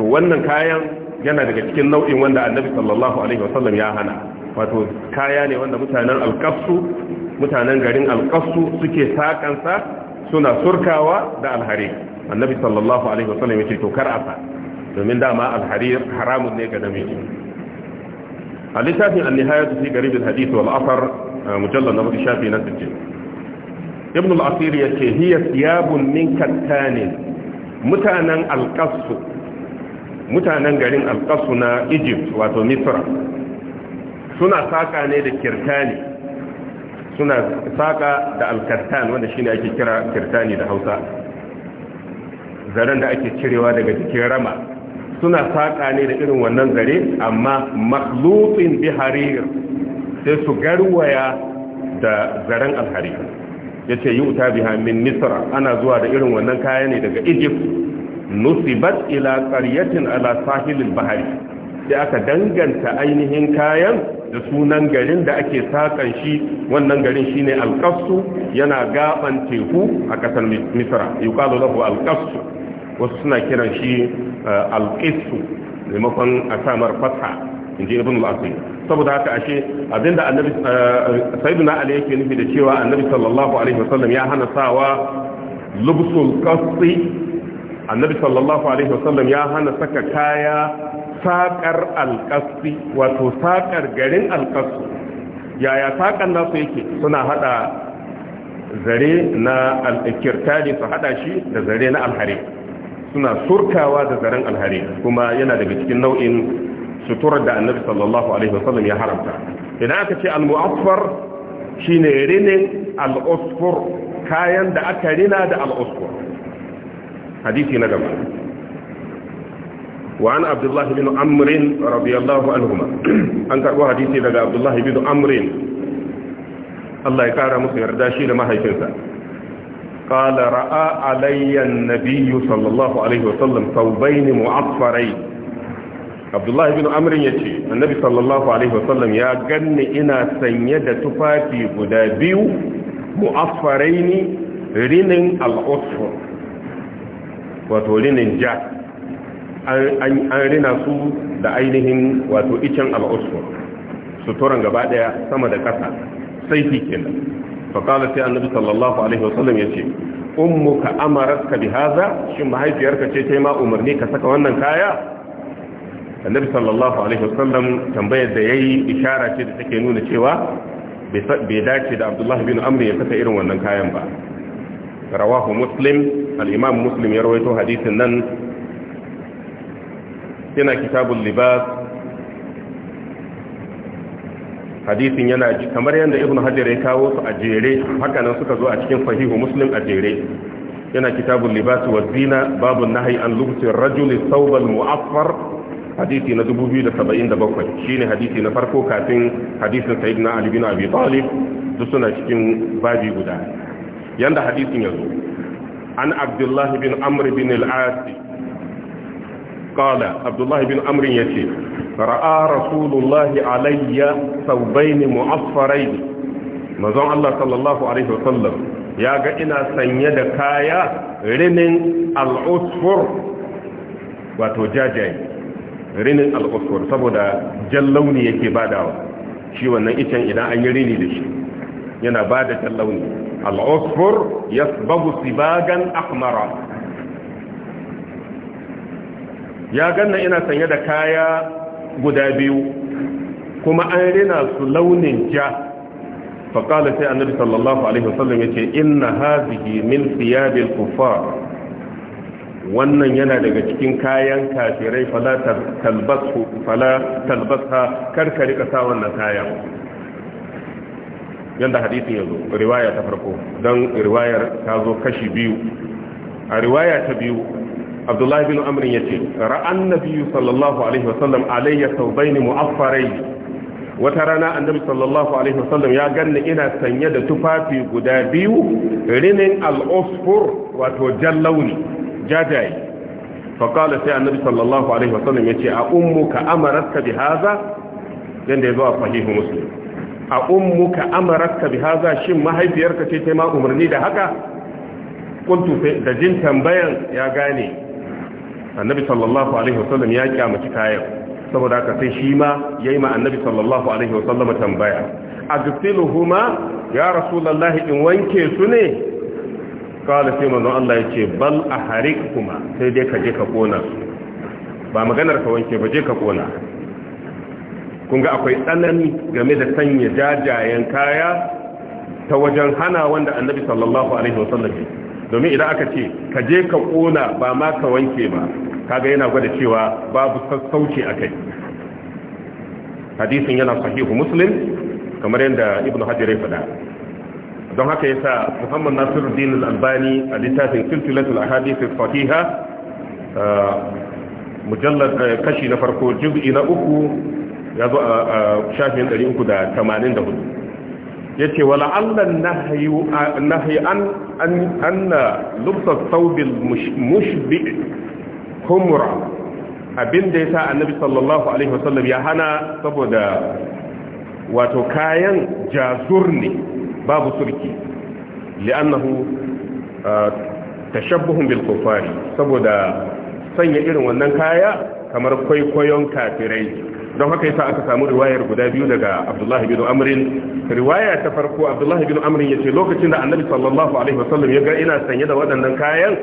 to wannan kayan yana daga cikin nau'in wanda annabi sallallahu alaihi wasallam ya hana wato kaya ne wanda mutanen alkasu mutanen garin alƙasu suke sakansa suna surkawa da alhari annabi sallallahu alaihi wasallam ya ce to kar asa domin dama alhari haramun ne ga namiji a littafin annihayatu fi garibin hadith wal asar mujallal na hudu shafi na 60 ibn al-asir ya ce hiya siyabun min kattani mutanen alƙasu mutanen garin alƙasu na egypt wato misra suna saƙa ne da kirtani suna saƙa da alkartan wanda shine ake kira kirtani da hausa zaren da ake cirewa daga jikin rama suna saƙa ne da irin wannan zare amma makhlutin harir sai su garwaya da zaren alharir ya ce yi uta biha min nisra ana zuwa da irin wannan kaya ne daga egypt nusibat ila ƙaryatin ala sahilin bahari sai aka danganta ainihin kayan da sunan garin da ake sakan shi wannan garin shine alqassu yana gaban teku a kasar misra yuqalu lahu alqassu wasu suna kiran shi eh, alqissu maimakon a samar fata inji ibn al-asir saboda haka ashe abinda annabi eh, sayyidina ali yake nufi da cewa annabi sallallahu alaihi wasallam ya hana sawa lubsul qasti annabi sallallahu alaihi wasallam ya hana saka kaya saƙar alƙasfi wato saƙar garin alƙasfi yaya saƙar nasu yake suna haɗa zare na alƙirtari su haɗa shi da zare na alhari suna surkawa da zaren alhari kuma yana daga cikin nau'in suturar da annabi sallallahu alaihi wasallam ya haramta idan aka ce al-mu'asfar shine rinin al-usfur kayan da aka rina da al-usfur hadisi na gaba وعن عبد الله بن عمرو رضي الله عنهما أن كربوا حديثي لك عبد الله بن عمرو الله يكارى مصير داشي لما هيفنسا قال رأى علي النبي صلى الله عليه وسلم ثوبين معطفرين عبد الله بن عمرو يتي النبي صلى الله عليه وسلم يا غني إنا سيدة تفاتي قدا بيو معطفرين رنن العطفر وتولين جاك an rina su da ainihin wato iccen al'usur suturan gaba daya sama da ƙasa sai fi nan. faƙala sai annabi sallallahu alaihi wasallam ya ce ummuka ka bi haza shin mahaifiyarka ce ta yi ma umarni ka saka wannan kaya annabi sallallahu alaihi wasallam tambayar da ya yi ishara ce da take nuna cewa bai dace da abdullahi bin amri ya saka irin wannan kayan ba rawahu muslim al-imam muslim ya rawaito hadisin nan yana kitabun libas hadisin yana kamar yadda ibn hajar ya kawo su a jere hakanan suka zo a cikin fahihu muslim a jere yana kitabun libas wa zina babu nahi an lubsi rajuli thawbal mu'affar hadisi na 2077 shine hadisi na farko kafin hadisin sayyidina ali bin abi talib duk suna cikin babi guda yadda hadisin ya zo an Abdullahi bin Amri bin al-as Kada abdullah bin amr yace ra'a rasulullahi alayya thawbayn mu'affarayn manzon Allah sallallahu alaihi wasallam ya ga ina sanye da kaya rinin al'usfur wato jajaye rinin al'usfur saboda jallauni yake badawa shi wannan icen idan an yi rini da shi yana ba bada jallauni al'usfur yasbagu sibagan ahmara ya ganna ina sanye da kaya guda biyu kuma an rina su launin ja faƙala sai annabi sallallahu alaihi wasallam ya ce inna hazihi min siyabil kuffar wannan yana daga cikin kayan kafirai fala talbasu fala talbasa karka rika sa wannan kaya. yanda hadisin yazo riwaya ta farko dan riwayar ta zo kashi biyu a riwaya ta biyu abdullahi bin amrin ya ce ra'an nabiyu sallallahu alaihi wasallam alayya saubaini mu'affarai wata rana annabi sallallahu alaihi wasallam ya ganni ina sanye da tufafi guda biyu rinin al wato jallauni jajaye fa sai annabi sallallahu alaihi wasallam ce a ummuka amaratka bi haza hadha yanda yazo a Fahimu muslim a ummuka amaratka bi haza shin mahaifiyarka ce ta ma umarni da haka kuntu da jin tambayan ya gane annabi sallallahu alaihi wasallam ya kyamaci kayan saboda haka sai shi ma ya yi ma annabi sallallahu alaihi wasallam tambaya huma ya lallahi in wanke su ne kala sai manzo Allah yace bal kuma sai dai ka je ka kona su ba maganar ka wanke ba je ka kona kun ga akwai tsanani game da sanya jajayen kaya ta wajen hana wanda annabi sallallahu alaihi wasallam domin idan aka ce ka je ka kona ba ma ka wanke ba kaga yana gwada cewa babu sassauci kai. hadisin yana sahihu muslim kamar yadda ibn hajar ya faɗa don haka yasa muhammad Nasiru dinar albani a littafin silsilatul a as mujallar kashi na farko juz'i na uku ya zo a shafin 384 ce wala allan nahyu nahyi an anna lubsa thawbil mushbi humra abinda yasa annabi sallallahu alaihi wasallam ya hana saboda wato kayan jazur ne babu surki li'annahu tashabbuhun bil kufari saboda sanya irin wannan kaya kamar kwaikwayon kafirai don haka yasa aka samu riwayar guda biyu daga Abdullah bin Amrin riwaya ta farko Abdullah bin Amrin yace lokacin da Annabi sallallahu alaihi wasallam ya ga ina sanye da waɗannan kayan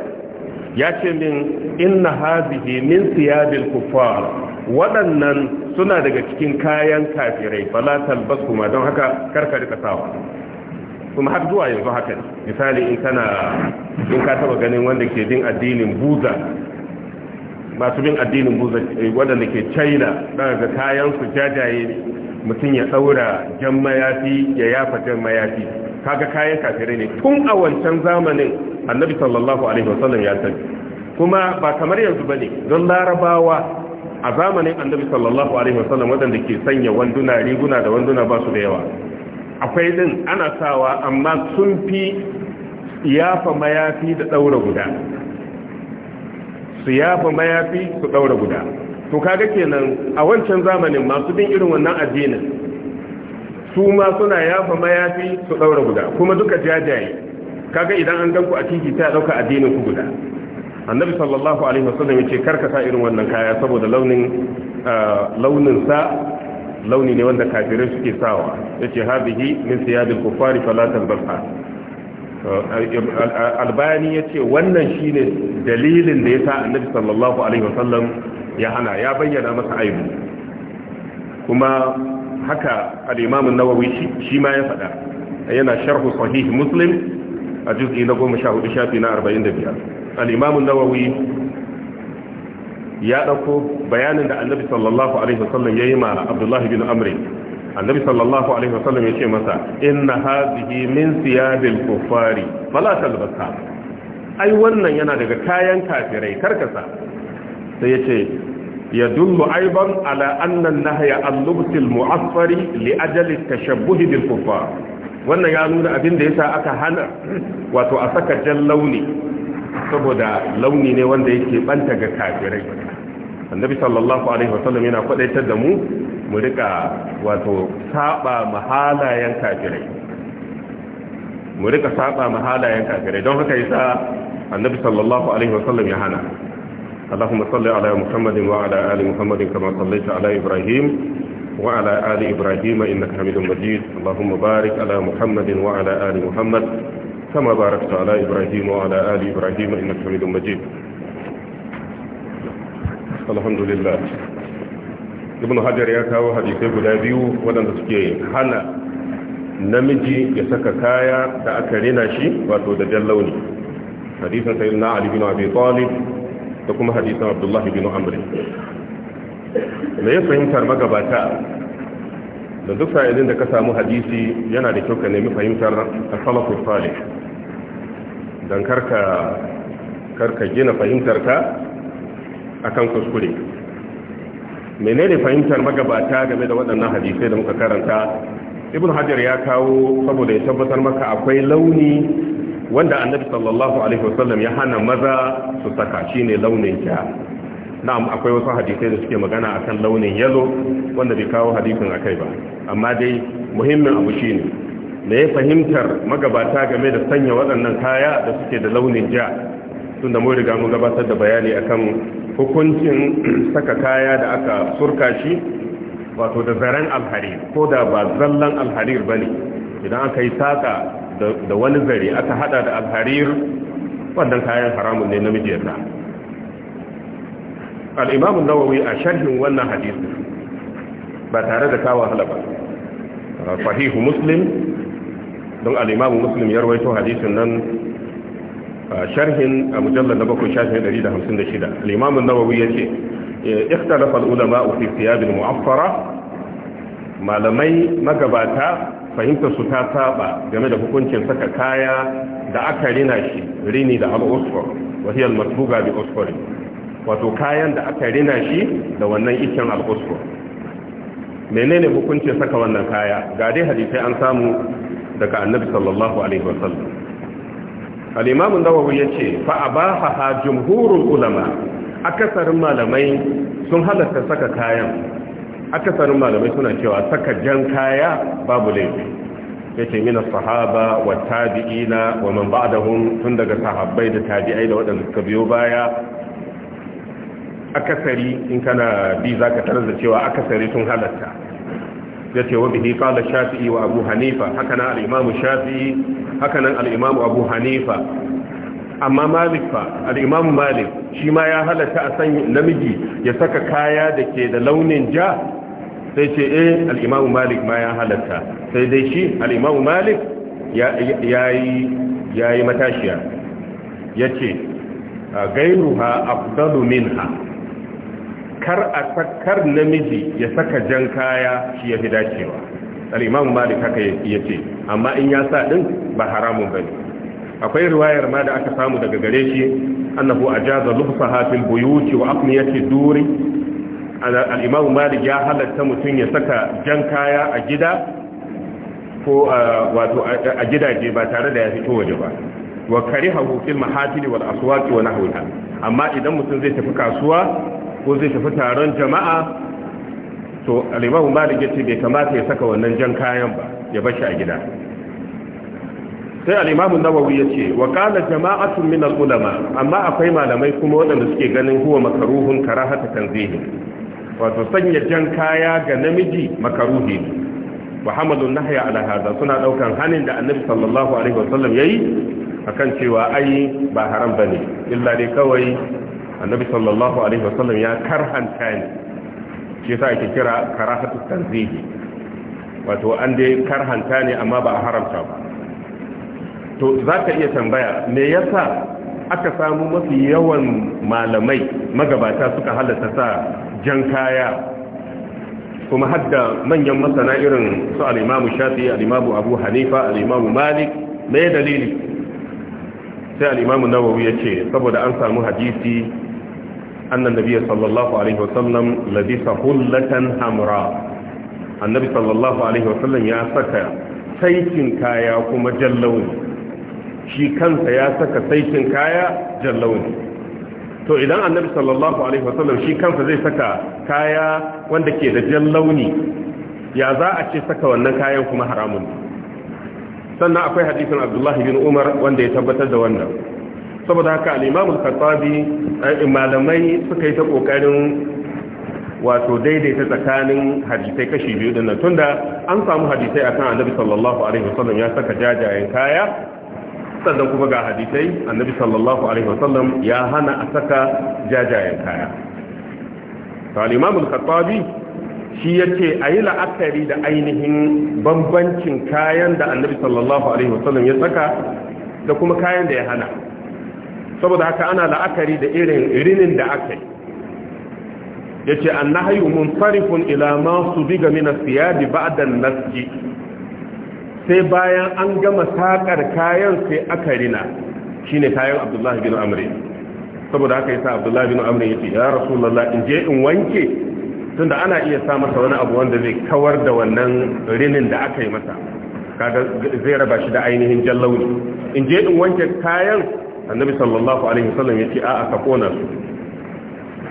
ya ce min inna hazihi min siyabil kuffar waɗannan suna daga cikin kayan kafirai fala talbasuma don haka karka rika sawa kuma har zuwa yanzu haka misali in kana in ka taba ganin wanda ke jin addinin buza masu bin addinin buza eh, waɗanda ke china daga kayan su jajaye mutum ya ɗaura jan mayafi ya yafa jan mayafi kaga kayan kafirai ne tun a wancan zamanin annabi sallallahu alaihi wasallam ya sani kuma ba kamar yanzu bane don larabawa a zamanin annabi sallallahu alaihi wasallam waɗanda ke sanya wanduna riguna da wanduna ba su da yawa akwai din ana sawa amma sun fi yafa mayafi da ɗaura guda su yafa mayafi su daura guda to kaga kenan a wancan zamanin masu bin irin wannan addinin su ma suna yafa mayafi su daura guda kuma duka jajaye kaga idan an ganku a cikin ta dauka addinin ku guda annabi sallallahu alaihi wasallam yace karkasa irin wannan kaya saboda launin ah, launin sa launi ne wanda kafirai suke sawa yace hadhihi min siyadil kufari fala tanbaha albani ya ce wannan shi ne dalilin da ya sa annabi sallallahu alaihi wasallam ya hana ya bayyana masa aibu kuma haka al'imamun nawawi shi ma ya faɗa yana sharhu sahih muslim a juz'i na goma sha hudu shafi na arba'in da biyar al'imamun nawawi ya ɗauko bayanin da annabi sallallahu alaihi wasallam ya yi ma abdullahi bin amri annabi sallallahu alaihi wasallam ya ce masa inna hadhihi min siyabil kuffari fala talbasa ai wannan yana daga kayan kafirai karkasa sai yace yadullu aiban ala anna an-nahya al-lubsil mu'affari li ajali at-tashabbuh bil wannan ya nuna abin da yasa aka hana wato a saka jan launi saboda launi ne wanda yake banta ga kafirai annabi sallallahu alaihi wasallam yana kwadaitar da mu mu rika wato saba mahalayen kafirai mu rika saba mahalayen kafirai don haka yasa annabi sallallahu alaihi wasallam ya hana Allahumma salli ala Muhammadin wa ala ali Muhammadin kama sallaita ala Ibrahim wa ala ali Ibrahim innaka Hamidum Majid Allahumma barik ala Muhammadin wa ala ali Muhammad kama barakta ala Ibrahim wa ala ali Ibrahim innaka Hamidum Majid alhamdulillah ibn hajar ya kawo hadisai guda biyu waɗanda suke hana namiji ya saka kaya da aka rina shi wato da jan launi hadisan sayyid na ali bin abi talib da kuma hadisan abdullahi bin amr me ya fahimtar magabata da duk sa'idin da ka samu hadisi yana da kyau ka nemi fahimtar salafus salih dan karka karka gina fahimtar ka akan kuskure menene fahimtar magabata game da waɗannan hadisai da muka karanta ibn hajar ya kawo saboda ya tabbatar maka akwai launi wanda annabi sallallahu alaihi wasallam ya hana maza su shi shine launin ja na'am akwai wasu hadisai da suke magana akan launin yalo wanda bai kawo hadisin akai ba amma dai muhimmin abu shine me ya fahimtar magabata game da sanya waɗannan kaya da suke da launin ja tunda mun riga mun gabatar da bayani akan hukuncin saka kaya da aka surka shi wato da zaren alharir ko da ba zallan alharir ba ne idan aka yi saka da wani zare aka hada da alharir wannan kayan haramun ne namiji ya sa al'imamun nawawi a sharhin wannan hadisi ba tare da kawo halaba sahihu muslim don al'imamun muslim ya rawaito hadisin nan sharhin a mujallar na bakwai shafin 156 limamin nawawi ya ce ikhtalafa ulama fi siyabil mu'affara malamai magabata fahimtar su ta saba game da hukuncin saka kaya da aka rina shi rini da al-usfar wahiyar matbuga bi usfar wato kayan da aka rina shi da wannan ikin al-usfar menene hukuncin saka wannan kaya ga dai hadisai an samu daga annabi sallallahu alaihi wasallam al-imam an-nawawi yace fa jumhurin ulama akasarin malamai sun halatta saka kayan akasarin malamai suna cewa saka jan kaya babu laifi yace ce as-sahaba wa tabi'ina wa man hun tun daga sahabbai da tabi'ai da waɗanda suka biyo baya akasari in kana bi zaka tarza cewa akasari sun halatta ce wa bihi qala shafi'i wa abu hanifa haka na al shafi'i haka nan al'imamu abu hanifa amma malik fa al'imamu malik shi ma ya halatta a san namiji ya saka kaya da ke da launin ja sai ce eh al'imamu malik ma ya halatta sai dai shi al'imamu malik ya yi matashiya ya ce gairuha min ha kar a sakar namiji ya saka jan kaya shi ya fi dacewa al'imam malik haka ya ce amma in ya sa ɗin ba haramun ba ne akwai riwayar ma da aka samu daga gare shi annahu a jaza lufsa hafin buyuci wa afniyati duri al'imam malik ya halatta mutum ya saka jan kaya a gida ko wato a gidaje ba tare da ya fito waje ba wa karihahu fil mahatili wal aswaqi wa amma idan mutum zai tafi kasuwa ko zai tafi taron jama'a to alimamu malik ya ce bai kamata ya saka wannan jan kayan ba ya bashi a gida sai alimamu nawawi ya ce wa kala jama'atun min ulama amma akwai malamai kuma wanda suke ganin huwa makaruhun karahata tanzihi wato sanya jan kaya ga namiji makaruhi ne wa hamalun nahya ala hada suna daukan hanin da annabi sallallahu alaihi wasallam yayi akan cewa ai ba haram bane illa dai kawai annabi sallallahu alaihi wasallam ya karhanta ne shi yasa ake kira karahatu tanzihi wato an dai karhanta ne amma ba a haramta ba to za ka iya tambaya me yasa aka samu mafi yawan malamai magabata suka halatta sa jan kaya kuma hadda manyan masana irin su al-Imam Shafi'i Abu Hanifa al Malik me dalili sai al-Imam Nawawi yace saboda an samu hadisi annan nabiya sallallahu alaihi wasallam labisa hullatan hamra annabi sallallahu alaihi wasallam ya saka saitin kaya kuma jallauni shi kansa ya saka saitin kaya jallauni to idan annabi sallallahu alaihi wasallam shi kansa zai saka kaya wanda ke da jallauni ya za a ce saka wannan kayan kuma haramun sannan akwai hadisin abdullahi bin umar wanda ya tabbatar da wannan saboda haka al'imamun karfabi eh, malamai suka yi ta ƙoƙarin wato daidaita tsakanin hadisai kashi biyu dinnan tunda an samu hadisai akan annabi sallallahu alaihi wasallam ya saka jajayen kaya sannan kuma ga hadisai annabi sallallahu alaihi wasallam ya hana a saka jajayen kaya ta al'imamun karfabi shi ya ce a yi la'akari da ainihin bambancin kayan da annabi sallallahu alaihi wasallam ya saka da kuma kayan da ya hana saboda haka ana la'akari da irin rinin da aka yi ya ce an nahayu munfarifun ilama su diga mina siyadi ba'dan naski sai bayan an gama sakar kayan sai aka rina shine kayan abdullahi bin amri saboda haka yasa abdullahi bin amri ya ce ya rasulullah in je in wanke tunda ana iya sa masa wani abu wanda zai kawar da wannan rinin da aka yi masa kaga zai raba shi da ainihin jallauni in je in wanke kayan annabi sallallahu alaihi wasallam ya ce a aka kona su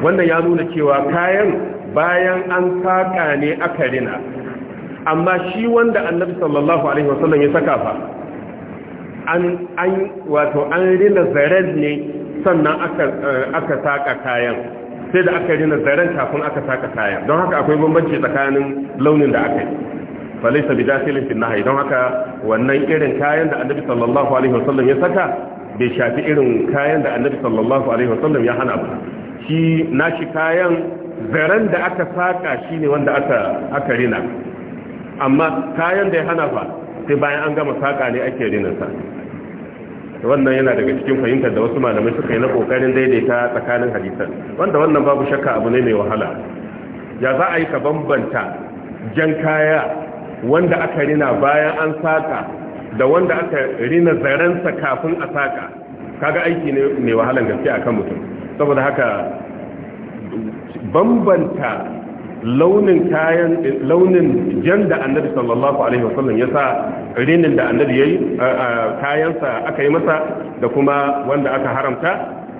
wannan ya nuna cewa kayan bayan an saka ne aka rina amma shi wanda annabi sallallahu alaihi wasallam ya saka fa an an wato an rina zaren ne sannan aka eh, aka saka kayan sai da aka rina zaren kafin aka saka kayan don haka akwai bambanci tsakanin launin da aka yi falaisa bi dakhilin fi nahi don haka wannan irin kayan da annabi sallallahu alaihi wasallam ya saka bai shafi irin kayan da annabi sallallahu alaihi wasallam ya hana ba shi nashi kayan zaren da aka saka shine wanda aka aka rina amma kayan da ya hana fa sai bayan an gama saka ne ake rina sa wannan yana daga cikin fahimtar da wasu malamai suka yi na kokarin daidaita tsakanin hadisan wanda wannan babu shakka abu ne mai wahala ya za a yi ka bambanta jan kaya wanda aka rina bayan an saka da wanda aka rina zarensa kafin a saka kaga aiki ne mai wahalan gaske akan mutum saboda haka bambanta launin kayan launin jan da annabi sallallahu alaihi wasallam ya sa rinin da annabi yayi kayansa aka yi masa da kuma wanda aka haramta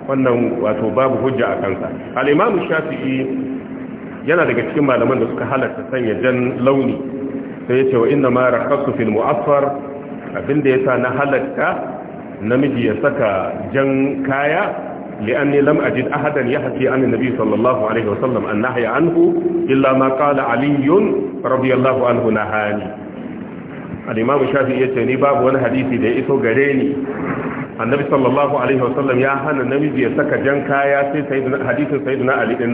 wannan wato babu hujja a kansa al-imam shafi'i yana daga cikin malaman da suka halarta sanya jan launi sai ya ce wa inna ma rakasu fil mu'affar abinda ya sa na halatta namiji ya saka jan kaya li'anni lam ajid ahadan yahki an annabi sallallahu alaihi wasallam an nahya anhu illa ma qala ali radiyallahu anhu nahani al-imam shafi'i yace ni babu wani hadisi da ya iso gare ni annabi sallallahu alaihi wasallam ya hana namiji ya saka jan kaya sai hadisin sayyidina ali din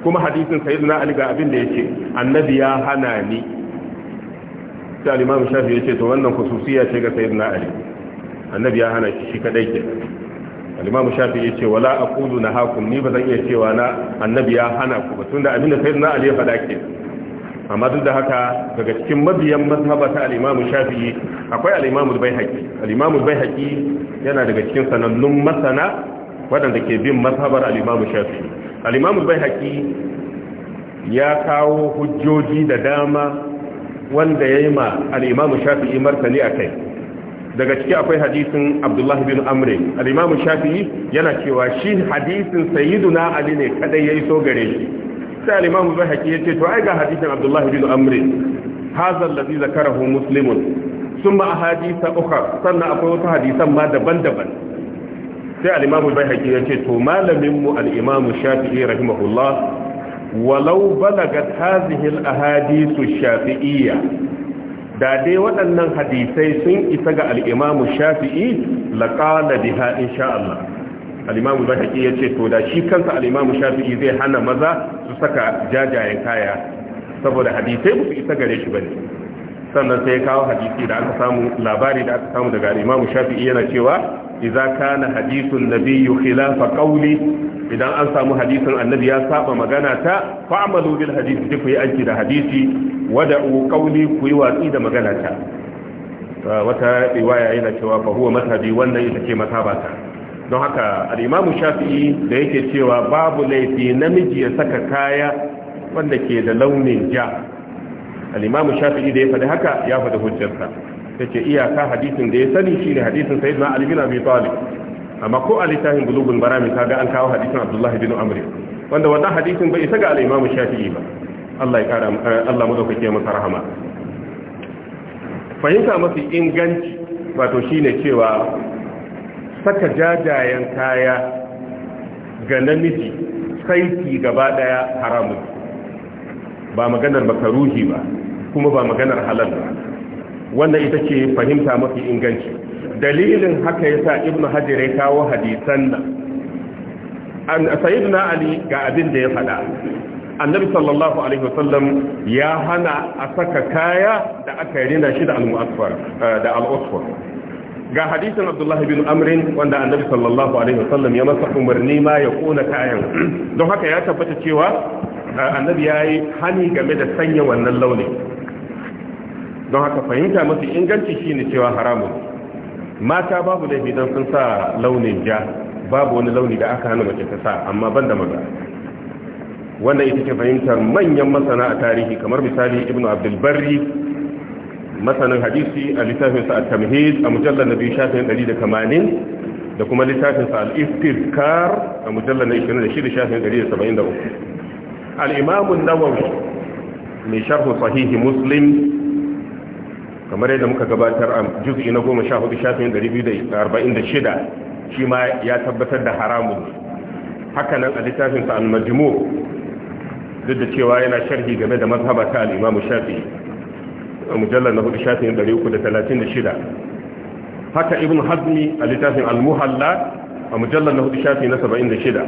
kuma hadisin sayyidina ali ga abin da annabi ya hana ni sai alimam shafi ya ce to wannan kususiya ce ga na ali annabi ya hana shi kadai ke al shafi ya ce wala aqulu hakun ni bazan iya cewa na annabi ya hana ku ba tunda abinda na ali ya faɗa ke amma duk da haka daga cikin mabiyan mazhaba ta alimam shafi shafi'i akwai alimam bai haƙi. baihaqi bai haƙi yana daga cikin sanannun masana wadanda ke bin mazhabar alimam shafi shafi'i al-imam ya kawo hujjoji da dama wanda ya yi ma al'imamu shafi'i martani a kai daga ciki akwai hadisin abdullah bin amri al'imamu shafi'i yana cewa shi hadisin sayiduna ali ne kadai ya so gare shi sai al'imamu bai haƙi ya ce to ai ga hadisin abdullah bin amri hazar lafi zakarahu muslimun sun ma a hadisa uka sannan akwai wata hadisan ma daban-daban sai al'imamu bai haƙi ya ce to malaminmu al'imamu shafi'i rahimahullah walau balagat hadhihi al-ahadithu shafi'iyya da dai waɗannan hadisai sun isa ga al-imam shafi'i laqala biha insha Allah al-imam bahaqi yace to da shi kansa al-imam shafi'i zai hana maza su saka jajayen kaya saboda hadisai ba su isa gare shi bane sannan sai ya kawo hadisi da aka samu labari da aka samu daga imam shafi'i yana cewa idza kana hadithun nabiyyu khilafa qawli idan an samu hadisin annabi ya saba magana ta fa'malu bil hadith duk yi aiki da hadisi wada'u qawli ku yi watsi da magana ta ah, wata riwaya yana cewa fa huwa mazhabi wannan ita ce mazhabata don haka al-imam shafi'i da yake cewa babu laifi namiji ya saka kaya wanda ke da launin ja al-imam shafi'i da ya faɗi haka ya faɗi hujjarsa yace iyaka hadisin da ya sani shi ne hadisin sayyidina ali bin abi talib amma ko a littafin barami marami ga an kawo hadisin abdullahi bin amr wanda wannan hadisin bai isa ga al-imam shafi'i ba Allah ya kara Allah madaukake masa rahama fahimta mafi inganci wato shine cewa saka jajayen kaya ga namiji saiti gaba daya haramun ba maganar makaruhi ba kuma ba maganar halal ba ita ce fahimta mafi inganci dalilin haka yasa ibnu hajar ya kawo hadisan nan sayyidina ali ga abin da ya faɗa annabi sallallahu alaihi wasallam ya hana a saka kaya da aka rina shi da al-mu'asfar eh, da al ga hadisin Abdullah bin Amrin wanda annabi sallallahu alaihi wasallam ya masa umarni ma ya kona kayan don haka ya tabbata cewa eh, annabi yayi hani game da sanya wannan launi don haka fahimta mafi inganci shine cewa haramun mata babu laifi don sun sa launin ja babu wani launi da aka hana mace ta sa amma ban da maza wannan ita ce fahimtar manyan masana a tarihi kamar misali ibnu abdul barri masanin hadisi a littafinsa a tamhid a mujallar na biyu shafin 180 da kuma littafinsa al Kar a mujallar na da shida shafin 173 al-imamun nawawi mai sharhu sahihi muslim kamar yadda muka gabatar a juz'i na goma sha hudu shafin dari biyu da arba'in da shida shi ma ya tabbatar da haramun haka nan a littafin sa al-majmu duk da cewa yana sharhi game da mazhaba ta al-imamu shafi a mujallar na hudu shafin dari uku da talatin da shida haka ibn hazmi a littafin al-muhalla a mujallar na hudu shafi na saba'in da shida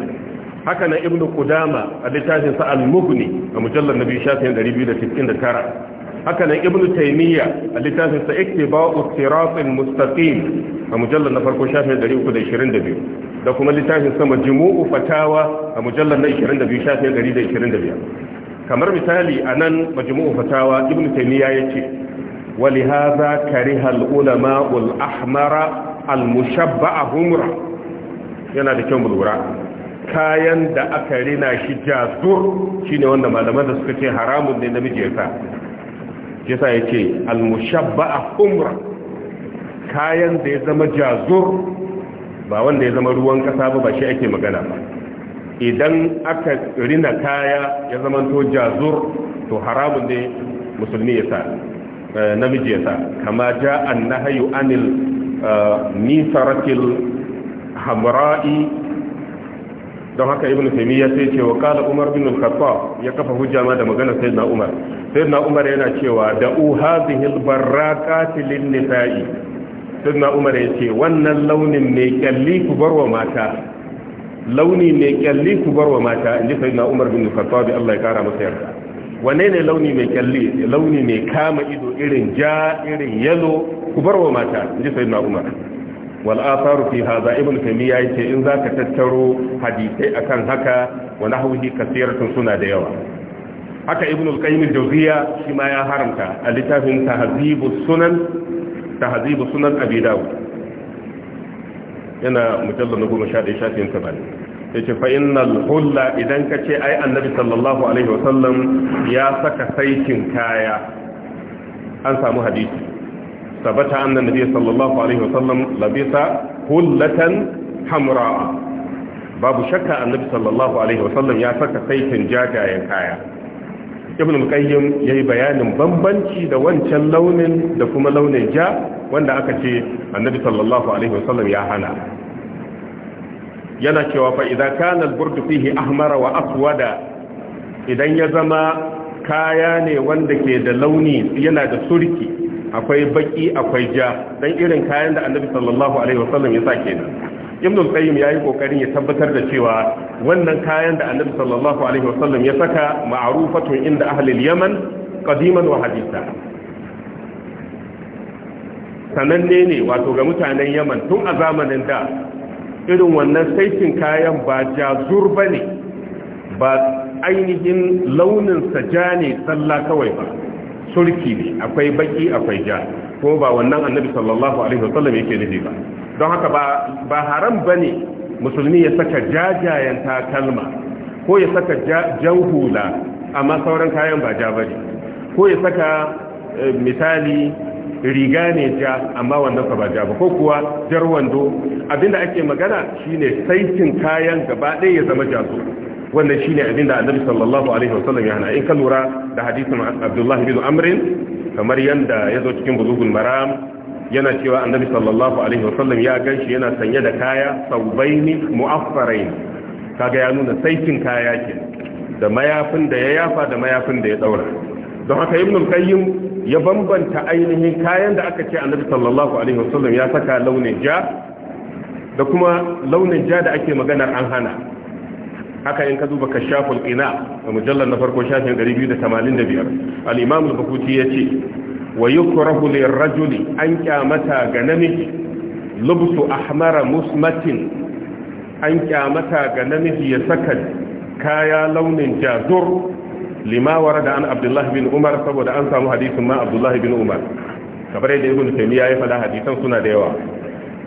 haka nan ibn kudama a littafin sa al-mughni a mujallar na biyu shafin dari biyu da sittin da tara haka nan ibn taymiya a littafin sa iktiba'u siratin mustaqim a mujallal na farko shafin 322 da kuma littafin sa majmu'u fatawa a mujallal na 22 shafin 125 kamar misali anan majmu'u fatawa ibn taymiya yace ولهذا كره العلماء الأحمر المشبع humra yana da kyau mu lura kayan da aka rina shi jazur shine wanda malaman da suka ce haramun ne namiji ya sa yasa ya ce almushabba a umra kayan da ya zama jazur ba wanda ya zama ruwan kasa ba ba shi ake magana ba idan aka rina kaya ya zama to jazur to haramun ne musulmi ya sa eh, namiji ya sa kama ja an nahayu anil nisaratil eh, hamra'i don haka ibnu taymiya sai ce wa qala umar bin al-khattab ya kafa hujja ma da magana sayyidina umar sayyidina umar yana cewa da u hadhihi al-barraqati lin-nisa'i sayyidina umar ce wannan launin mai kyalli ku barwa mata launi mai kyalli ku barwa mata inji sayyidina umar bin al-khattab Allah ya kara masa yarda wanne ne launi mai kyalli launi mai kama ido irin ja irin yalo ku barwa mata inji sayyidina umar wal atharu fi hadha ibn taymiya yace in ka tattaro hadisai akan haka wa nahwihi kasiratun suna da yawa haka ibn al-qayyim al-jawziya ya haramta a littafin tahzibus sunan tahzibus sunan abi dawud yana mujallal na 11 shafin 70 yace fa innal hulla idan ka ce ai annabi sallallahu alaihi ya saka saikin kaya an samu hadisi sabata anna nabi sallallahu alaihi wasallam labisa hullatan hamra babu shakka annabi sallallahu alaihi wasallam ya saka saitin jajayen kaya ibn al-qayyim yayi bayanin bambanci da wancan launin da kuma launin ja wanda aka ce annabi sallallahu alaihi wasallam ya hana yana cewa fa idan kana al ahmara wa aswada idan ya zama kaya ne wanda ke da launi yana da surki akwai baki akwai ja dan irin kayan da annabi sallallahu alaihi wasallam ya sa kenan ibn qayyim yayi kokarin ya tabbatar da cewa wannan kayan da annabi sallallahu alaihi wasallam ya saka ma'rufatun inda ahli al-yaman qadiman wa haditha sananne ne wato ga mutanen yaman tun a zamanin da irin wannan saitin kayan ba jazur bane ba ainihin launin sa ja ne sallah kawai ba turki ne akwai baki akwai ja ko ba wannan annabi sallallahu alaihi wa sallam yake nufi ba don haka ba ba haram bane musulmi ya saka jajayen takalma ko ya saka jan hula amma sauran kayan ba ja bane ko ya saka eh, misali riga ne ja amma wannan ba ja ba ko kuwa jar wando abinda ake magana shine saitin kayan gaba ɗaya ya zama jazo wannan shine abin da annabi sallallahu alaihi wasallam ya hana in ka lura da hadisin abdullahi bin kamar yanda ya zo cikin bulughul maram yana cewa annabi sallallahu alaihi wasallam ya ganshi yana sanye da kaya saubaini mu'affarain kaga ya nuna saitin kaya ke da mayafin da ya yafa da mayafin da ya daura don haka ibn qayyim ya bambanta ainihin kayan da aka ce annabi sallallahu alaihi wasallam ya saka launin ja da kuma launin ja da ake maganar an hana haka in ka duba kashaful qina a mujallar na farko shafin 285 al-imam al-bukhari yace wa yukrahu lirrajuli an kyamata ga namiji lubsu ahmara musmatin an kyamata ga namiji ya saka kaya launin jazur lima warada an abdullahi bin umar saboda an samu hadisin ma abdullahi bin umar kabar da ibn taymiya ya fada hadisan suna da yawa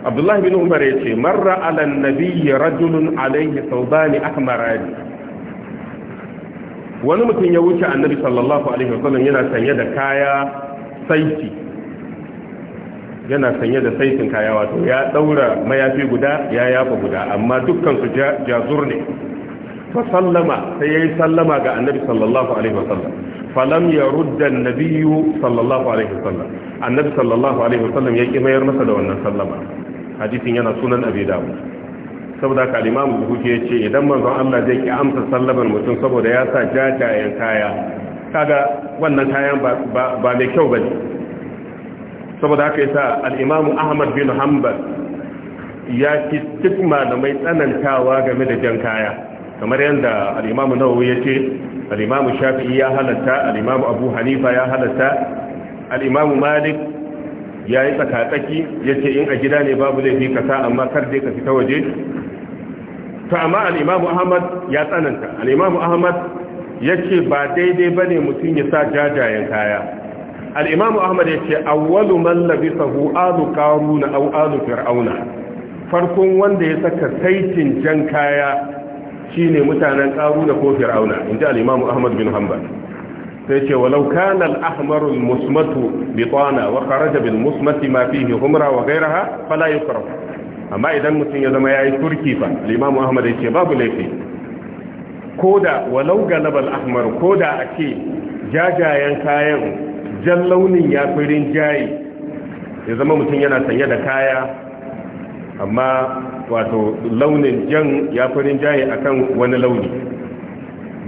abdullahi bin umar ya ce marra ala nabiyyi rajulun alayhi saudani ahmarani wani mutum ya wuce annabi sallallahu alaihi wasallam yana sanye da kaya saiti yana sanye da saitin kaya wato ya daura mayafi guda ya yafa guda amma dukkan su jazur ne fa sallama sai yayi sallama ga annabi sallallahu alaihi wasallam falam yarudda annabiyyu sallallahu alaihi wasallam annabi sallallahu alaihi wasallam ya ki mayar masa da wannan sallama hadisin yana sunan abi dawud saboda ka limamu buhuki ya ce idan manzon Allah zai ki amsa sallaban mutum saboda ya sa jajayen kaya kaga wannan kayan ba mai kyau ba ne saboda haka yasa al-imamu ahmad bin hanbal ya ki duk malamai tsanantawa game da jan kaya kamar yadda al-imamu nawawi ya ce al-imamu shafi'i ya halatta al abu hanifa ya halatta al malik ya yi tsakatsaki ya ce in a gida ne babu laifi fi kasa amma kar dai ka fita waje to amma al'imamu ahmad ya tsananta al'imamu ahmad ya ce ba daidai ba ne mutum ya sa jajayen kaya al'imamu ahmad ya ce awwalu man labisahu alu karuna au alu fir'auna farkon wanda ya saka saitin jan kaya shine mutanen na ko fir'auna inji al'imamu ahmad bin hanbal sai ce walau kana al-ahmaru musmatu bitana wa kharaja bil musmati ma fihi humra wa ghayraha fala yukrah amma idan mutum ya zama yayi turki fa al-imam ahmad yace babu laifi koda Ahmad ko da a ake jajayen kayan jan launin ya jayi ya zama mutum yana sanye da kaya amma wato launin jan ya firin jayi akan wani launi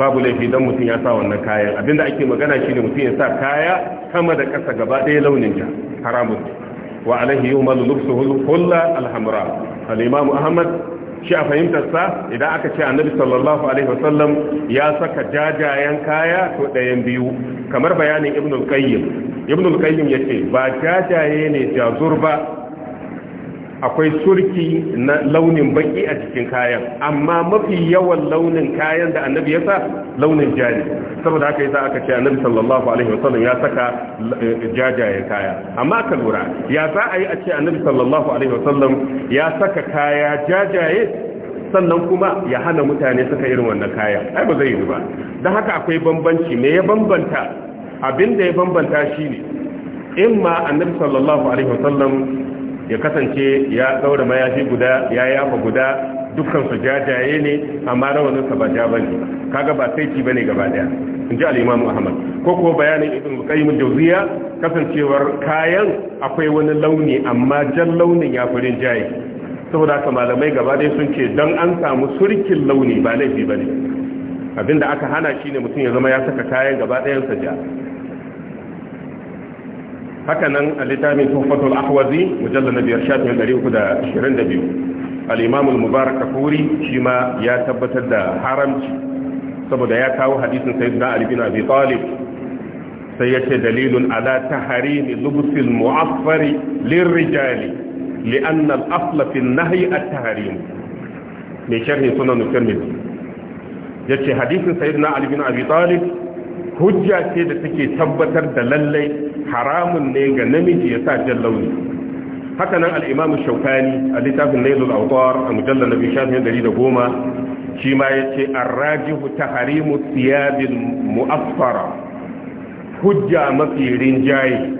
babu laifi don mutum ya sa wannan kayan abinda ake magana shine mutum ya sa kaya kama da ƙasa gaba ɗaya launin ta haramun wa alaihi yumalu lubsuhu kulla alhamra al-imam ahmad shi a fahimtarsa idan aka ce annabi sallallahu alaihi wasallam ya saka jajayen kaya to ɗayan biyu kamar bayanin ibnu al-qayyim ibn al-qayyim yace ba jajaye ne jazur ba akwai surki na launin baki a cikin kayan amma mafi yawan launin kayan da annabi ya sa launin jari saboda haka yasa aka ce annabi sallallahu alaihi wasallam ya saka eh, jajayen kaya amma aka lura ya za a yi a ce annabi sallallahu alaihi wasallam ya saka kaya jajaye sannan kuma ya hana mutane saka irin wannan kaya ai ba zai yi ba don haka akwai bambanci me ya bambanta abin da ya bambanta shine in imma annabi sallallahu alaihi wasallam ya kasance ya daura mayafi guda ya yafa guda dukkan su jajaye ne amma rawanin sa ba ja bane kaga ba saiti bane gaba daya in ji al-Imam Ahmad ko ko bayanin Ibn Qayyim al-Jawziya kasancewar kayan akwai wani launi amma jan launin ya furin jaye saboda haka malamai gaba daya sun ce dan an samu surkin launi ba laifi bane abinda aka hana shine mutum ya zama ya saka kayan gaba dayan sa ja haka nan a littafin tuhfatul ahwazi mujallal na biyar shafin ɗari uku da ashirin da biyu al'imamul mubarak kafuri shi ma ya tabbatar da haramci saboda ya kawo hadisin sayyidina ali bin abi talib sai ya ce dalilun ala taharimi lubsil mu'affari lirrijali li'an al-afla fi nahyi at-taharim mai sharhi sunan tirmidhi yace hadisin sayyid na ali bin abi talib hujja ce da take tabbatar da lallai haramun ne ga namiji ya sa jan launi haka nan al'imamu shaukani a littafin nailul autor a mujallar na da goma shi ma ya ce an rajihu ta harimu siyabin Muafara hujja mafi rinjaye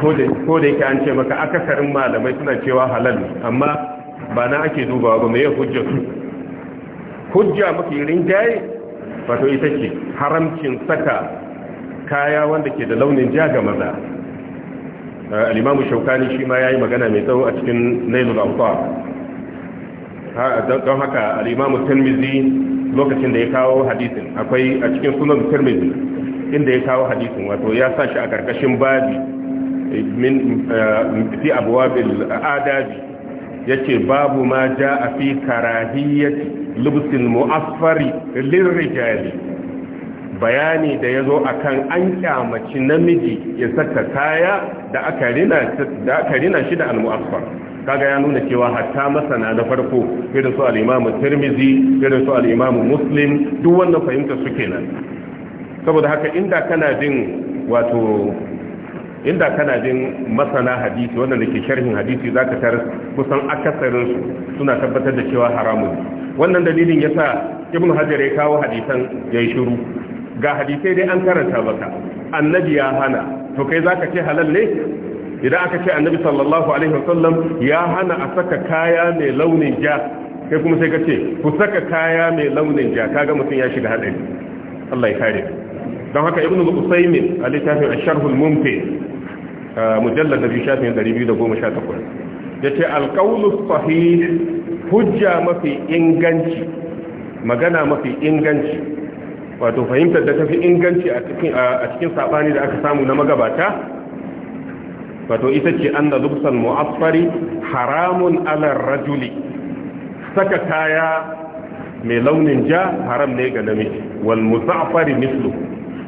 ko da yake an ce maka akasarin malamai suna cewa halal amma ba na ake dubawa ba mai hujjar su hujja mafi rinjaye wato ita ce haramcin saka kaya wanda ke da launin ja ga maza uh, al'imamu shaukani shi ma ya yi magana mai tsawo a cikin nailu alfa don haka al'imamu Tirmizi lokacin da ya kawo hadisin akwai a cikin sunan Tirmizi inda ya kawo hadisin wato ya sa shi a ƙarƙashin babi eh, uh, fi abuwa bil adabi yace babu ma a fi karahiyyati lubsil mu'affari lirrijali bayani da ya yazo akan an kyamaci namiji ya saka kaya da aka rina da aka rina shi da al-mu'affar kaga ya nuna cewa hatta masana na farko irin su al-imamu Tirmidhi irin su al-imamu Muslim duk wannan fahimta su nan saboda haka inda kana jin wato inda kana jin masana hadisi wanda ke sharhin hadisi zaka tar kusan akasarin su suna tabbatar da cewa haramun wannan dalilin yasa ibnu hajar ya kawo hadisan yayi shiru ga hadisai dai an karanta baka annabi ya hana to kai zaka ce halal ne idan aka ce annabi sallallahu alaihi wasallam ya hana a saka kaya mai launin ja kai kuma sai ka ce ku saka kaya mai launin ja kaga mutum ya shiga hadari Allah ya kare don haka ibnu usaymin a littafin sharhul mumti mujallar da biyu shafin 218 ya ce alƙaunus sahih hujja mafi inganci magana mafi inganci wato fahimtar da ta fi inganci a cikin saɓani da aka samu na magabata wato ita ce an da zubsan mu'affari haramun alar rajuli saka kaya mai launin ja haram ne ga namiji wal musa'fari mislu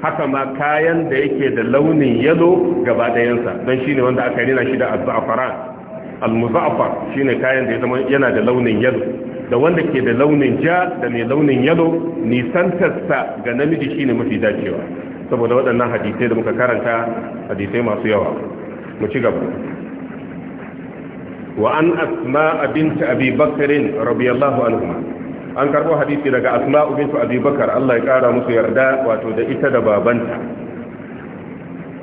haka ma kayan da yake da launin yalo gaba ɗayansa don shi ne wanda aka rina shi da azza'afaran al shi ne kayan da ya zama yana da launin yalo da wanda ke da launin ja da mai launin yalo nisantarsa ga namiji shi ne mafi dacewa saboda waɗannan hadisai da muka karanta hadisai masu yawa mu ci gaba wa an asma binta abi bakarin rabiyallahu anhu an karbo hadisi daga asma'u bintu abi Allah ya kara musu yarda wato da ita da babanta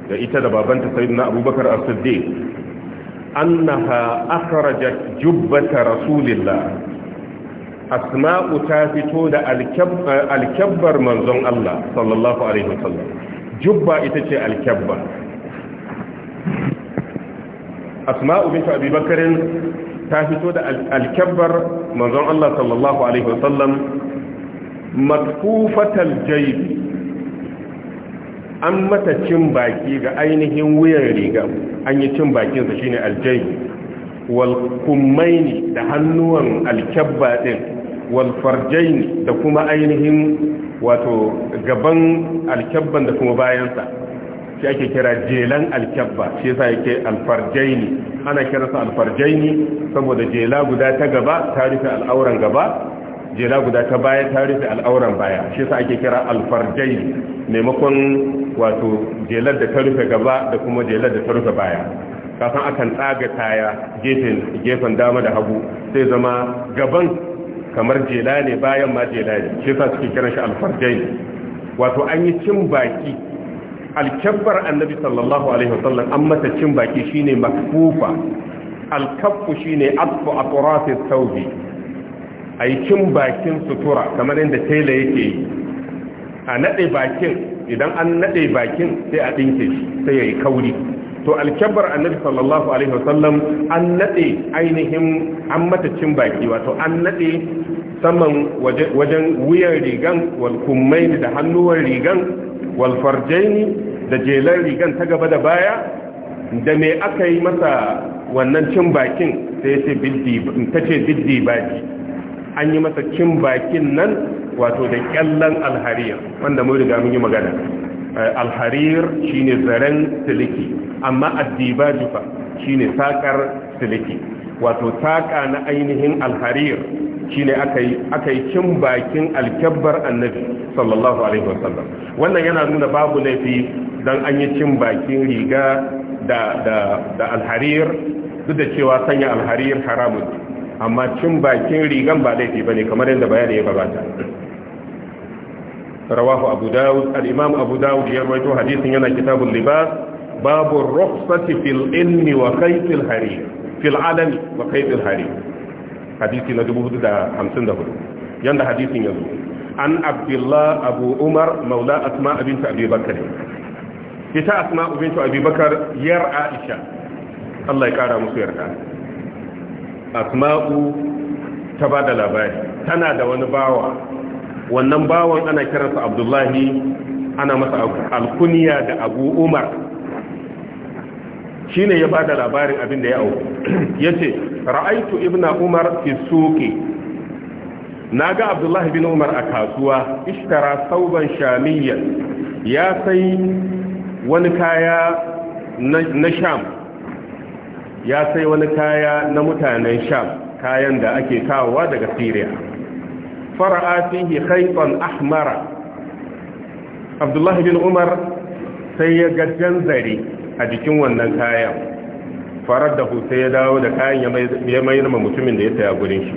da ita da babanta sayyidina abubakar as-siddiq annaha akhrajat jubbata rasulillah asma'u ta fito da alkyabbar manzon Allah sallallahu alaihi wasallam jubba ita ce alkyabba asma'u bintu abi ta fito da alkabbar manzon Allah sallallahu alaihi wasallam matkufatal jaybi an mata cin baki ga ainihin wuyan riga an yi cin bakinsa shine aljaybi wal kummaini da hannuwan alkabba ɗin wal da kuma ainihin wato gaban alkabban da kuma bayansa shi ake kira jelan alkyabba shi yasa yake alfarjaini ana kira sa alfarjaini saboda jela guda ta gaba ta rufe al'auran gaba jela guda ta baya ta rufe al'auran baya shi yasa ake kira alfarjaini maimakon wato jelar da ta rufe gaba da kuma jelar da ta rufe baya kafin akan tsaga taya gefen gefen dama da hagu sai zama gaban kamar jela ne bayan ma jela ne shi yasa suke kiran shi alfarjaini wato an yi cin baki alkabbar annabi sallallahu alaihi wasallam an mata baki shine makfufa alkaffu shine atfu atrafi thawbi ai cin bakin sutura kamar inda tela yake yi a nade bakin idan an nade bakin sai a dinke shi sai yayi kauri to alkabbar annabi sallallahu alaihi wasallam an nade ainihin an mata cin baki wato an nade saman wajen wuyan rigan wal kummaini da hannuwan rigan wal da jelan rigan ta gaba da baya da me aka yi masa wannan cin bakin sai ce biddi ta ce biddi an yi masa cin bakin nan wato da kyallan alharir wanda mun riga mun yi magana eh, alharir shine zaren siliki amma addibaji fa shine sakar siliki wato taka na ainihin alharir shine aka yi cin bakin alkyabbar annabi sallallahu alaihi wasallam wannan yana nuna babu laifi don an yi cin bakin riga da alharir duk da cewa sanya alharir haramun amma cin bakin rigan ba laifi ba ne kamar yadda bayani ya gabata rawahu abu dawud imam abu dawud ya rawaito hadisin yana kitabun libas babu rukhsati fil ilmi wa khaytil harir fil adami wa kaidil hari hadisi na 454 yanda hadisin yazo an abdullah abu umar maula asma bint abi bakr ita asma bint abi bakr yar aisha Allah ya kara musu yarda asma'u ta ba da labari tana da wani bawa wannan bawan ana kiransa abdullahi ana masa alkuniya da abu umar Shi ne ya ba da labarin abin da ya Ya ce, ra'aitu ibna umar fi Na ga Abdullahi bin umar a kasuwa ishtara sauban shamiyyar ya sai wani kaya na sham ya sai wani kaya na mutanen sham kayan da ake kawowa daga syria fara'a fihi khaytan ahmara Abdullahi bin umar sai ya ga zare a jikin wannan kayan farar da hutu ya dawo da kayan ya mayar ma mutumin da ya saya gurin shi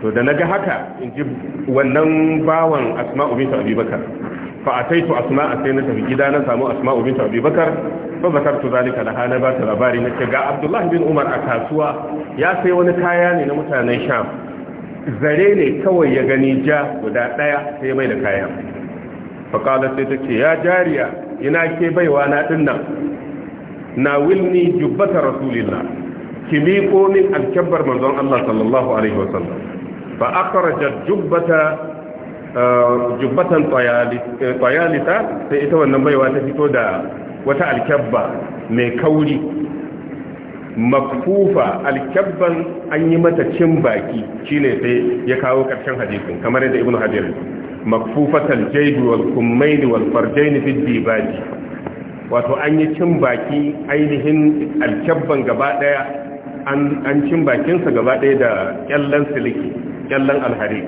to da na ga haka in ji wannan bawan asma'u binta abubakar fa a ataitu asma'a sai na tafi gida na samu asma'u binta abubakar zakar tu zalika da hana ba ta labari na ce ga abdullahi bin umar a kasuwa ya sai wani kaya ne na mutanen sham zare ne kawai ya gani ja guda daya sai mai da kaya fa kala sai take ya jariya ina ke baiwa na dinnan na wilni jubbata rasulillah ki miƙo min alkyabbar manzon Allah sallallahu alaihi wasallam fa akhrajat jubbata eh, jubbatan tsayalita eh, sai ita wannan baiwa ta fito da wata alkyabba mai kauri makfufa alkabban an yi mata cin baki shine sai ya kawo ƙarshen hadisin kamar yadda ibnu hajar makfufatal jaydi wal kummaini wal farjaini fid dibadi wato an yi cin baki ainihin alkyabban gaba daya an cin bakinsa gaba daya da kyallan siliki kyallan alhari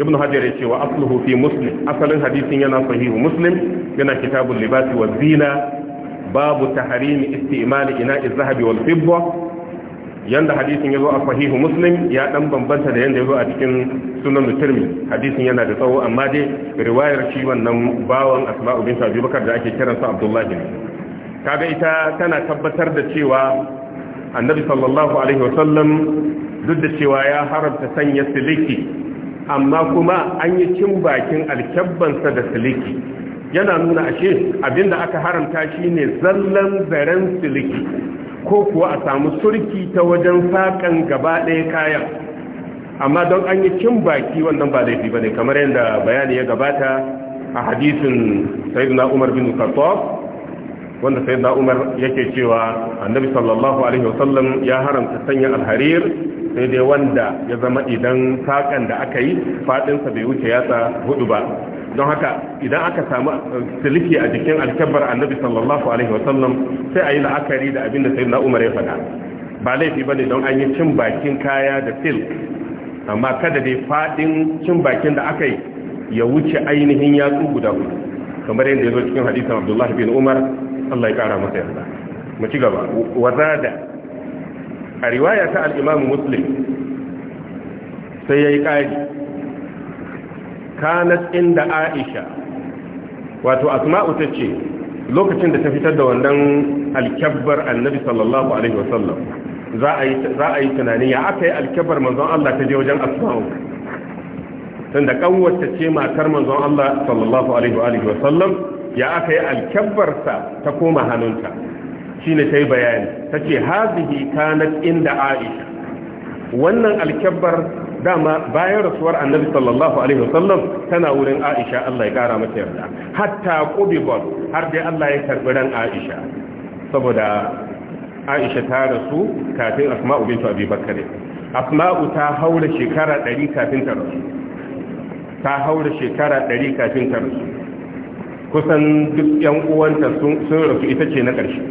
ibn hajar yace wa asluhu fi muslim asalin hadisin yana sahihu muslim yana kitabul libasi wa zina babu tahrimi istimali ina zahabi wal yanda hadisin ya zo a sahihu muslim ya dan bambanta da yanda ya zo a cikin sunan turmi hadisin yana da tsawo amma dai riwayar shi wannan bawan asma'u bin sabi bakar da ake kiransa abdullahi kaga ita tana tabbatar da cewa annabi sallallahu alaihi sallam duk da cewa ya haramta sanya siliki amma kuma an yi cin bakin alkyabbansa da siliki yana nuna ashe abinda aka haramta shine zallan zaren siliki ko kuwa a samu surki ta wajen saƙan gaba ɗaya kayan amma don an yi cin baki wannan ba zai fi ba ne kamar yadda bayani ya gabata a hadisin sayyidina umar bin khattab wanda sayyidina umar yake cewa annabi sallallahu alaihi wasallam ya haramta sanya alharir sai dai wanda ya zama idan saƙan da aka yi faɗinsa bai wuce yatsa hudu ba don haka idan aka samu uh, siliki a jikin alkabar annabi sallallahu alaihi wasallam sai a yi la'akari da abin da sai na umar ya faɗa ba laifi ba ne don an yi cin bakin kaya da fil amma kada dai faɗin cin bakin da aka yi ya wuce ainihin yatsu guda hudu kamar yadda ya zo cikin hadisan abdullah bin umar allah ya kara masa yarda mu ci gaba wazada a riwaya ta al-imam muslim sai yayi ƙari kanat inda aisha wato asma'u ta ce lokacin da ta fitar da wannan alkyabbar annabi sallallahu alaihi wasallam za a yi tunani ya aka yi alkyabbar manzon Allah ta je wajen asma'u tunda kanwata ce matar manzon Allah sallallahu alaihi wasallam ya aka yi alkyabbarsa ta koma hannunta Shi shine ta yi bayani ta ce hazihi kanat inda aisha wannan alkyabbar dama bayan rasuwar annabi sallallahu alaihi wasallam tana wurin Aisha Allah ya kara mata yarda hatta qubibal har dai Allah ya karbi ran Aisha saboda Aisha ta rasu kafin Asma'u bintu Abi Bakr Asma'u ta haura shekara 100 kafin ta rasu ta haura shekara 100 kafin ta rasu kusan duk yan uwanta sun rasu ita ce na ƙarshe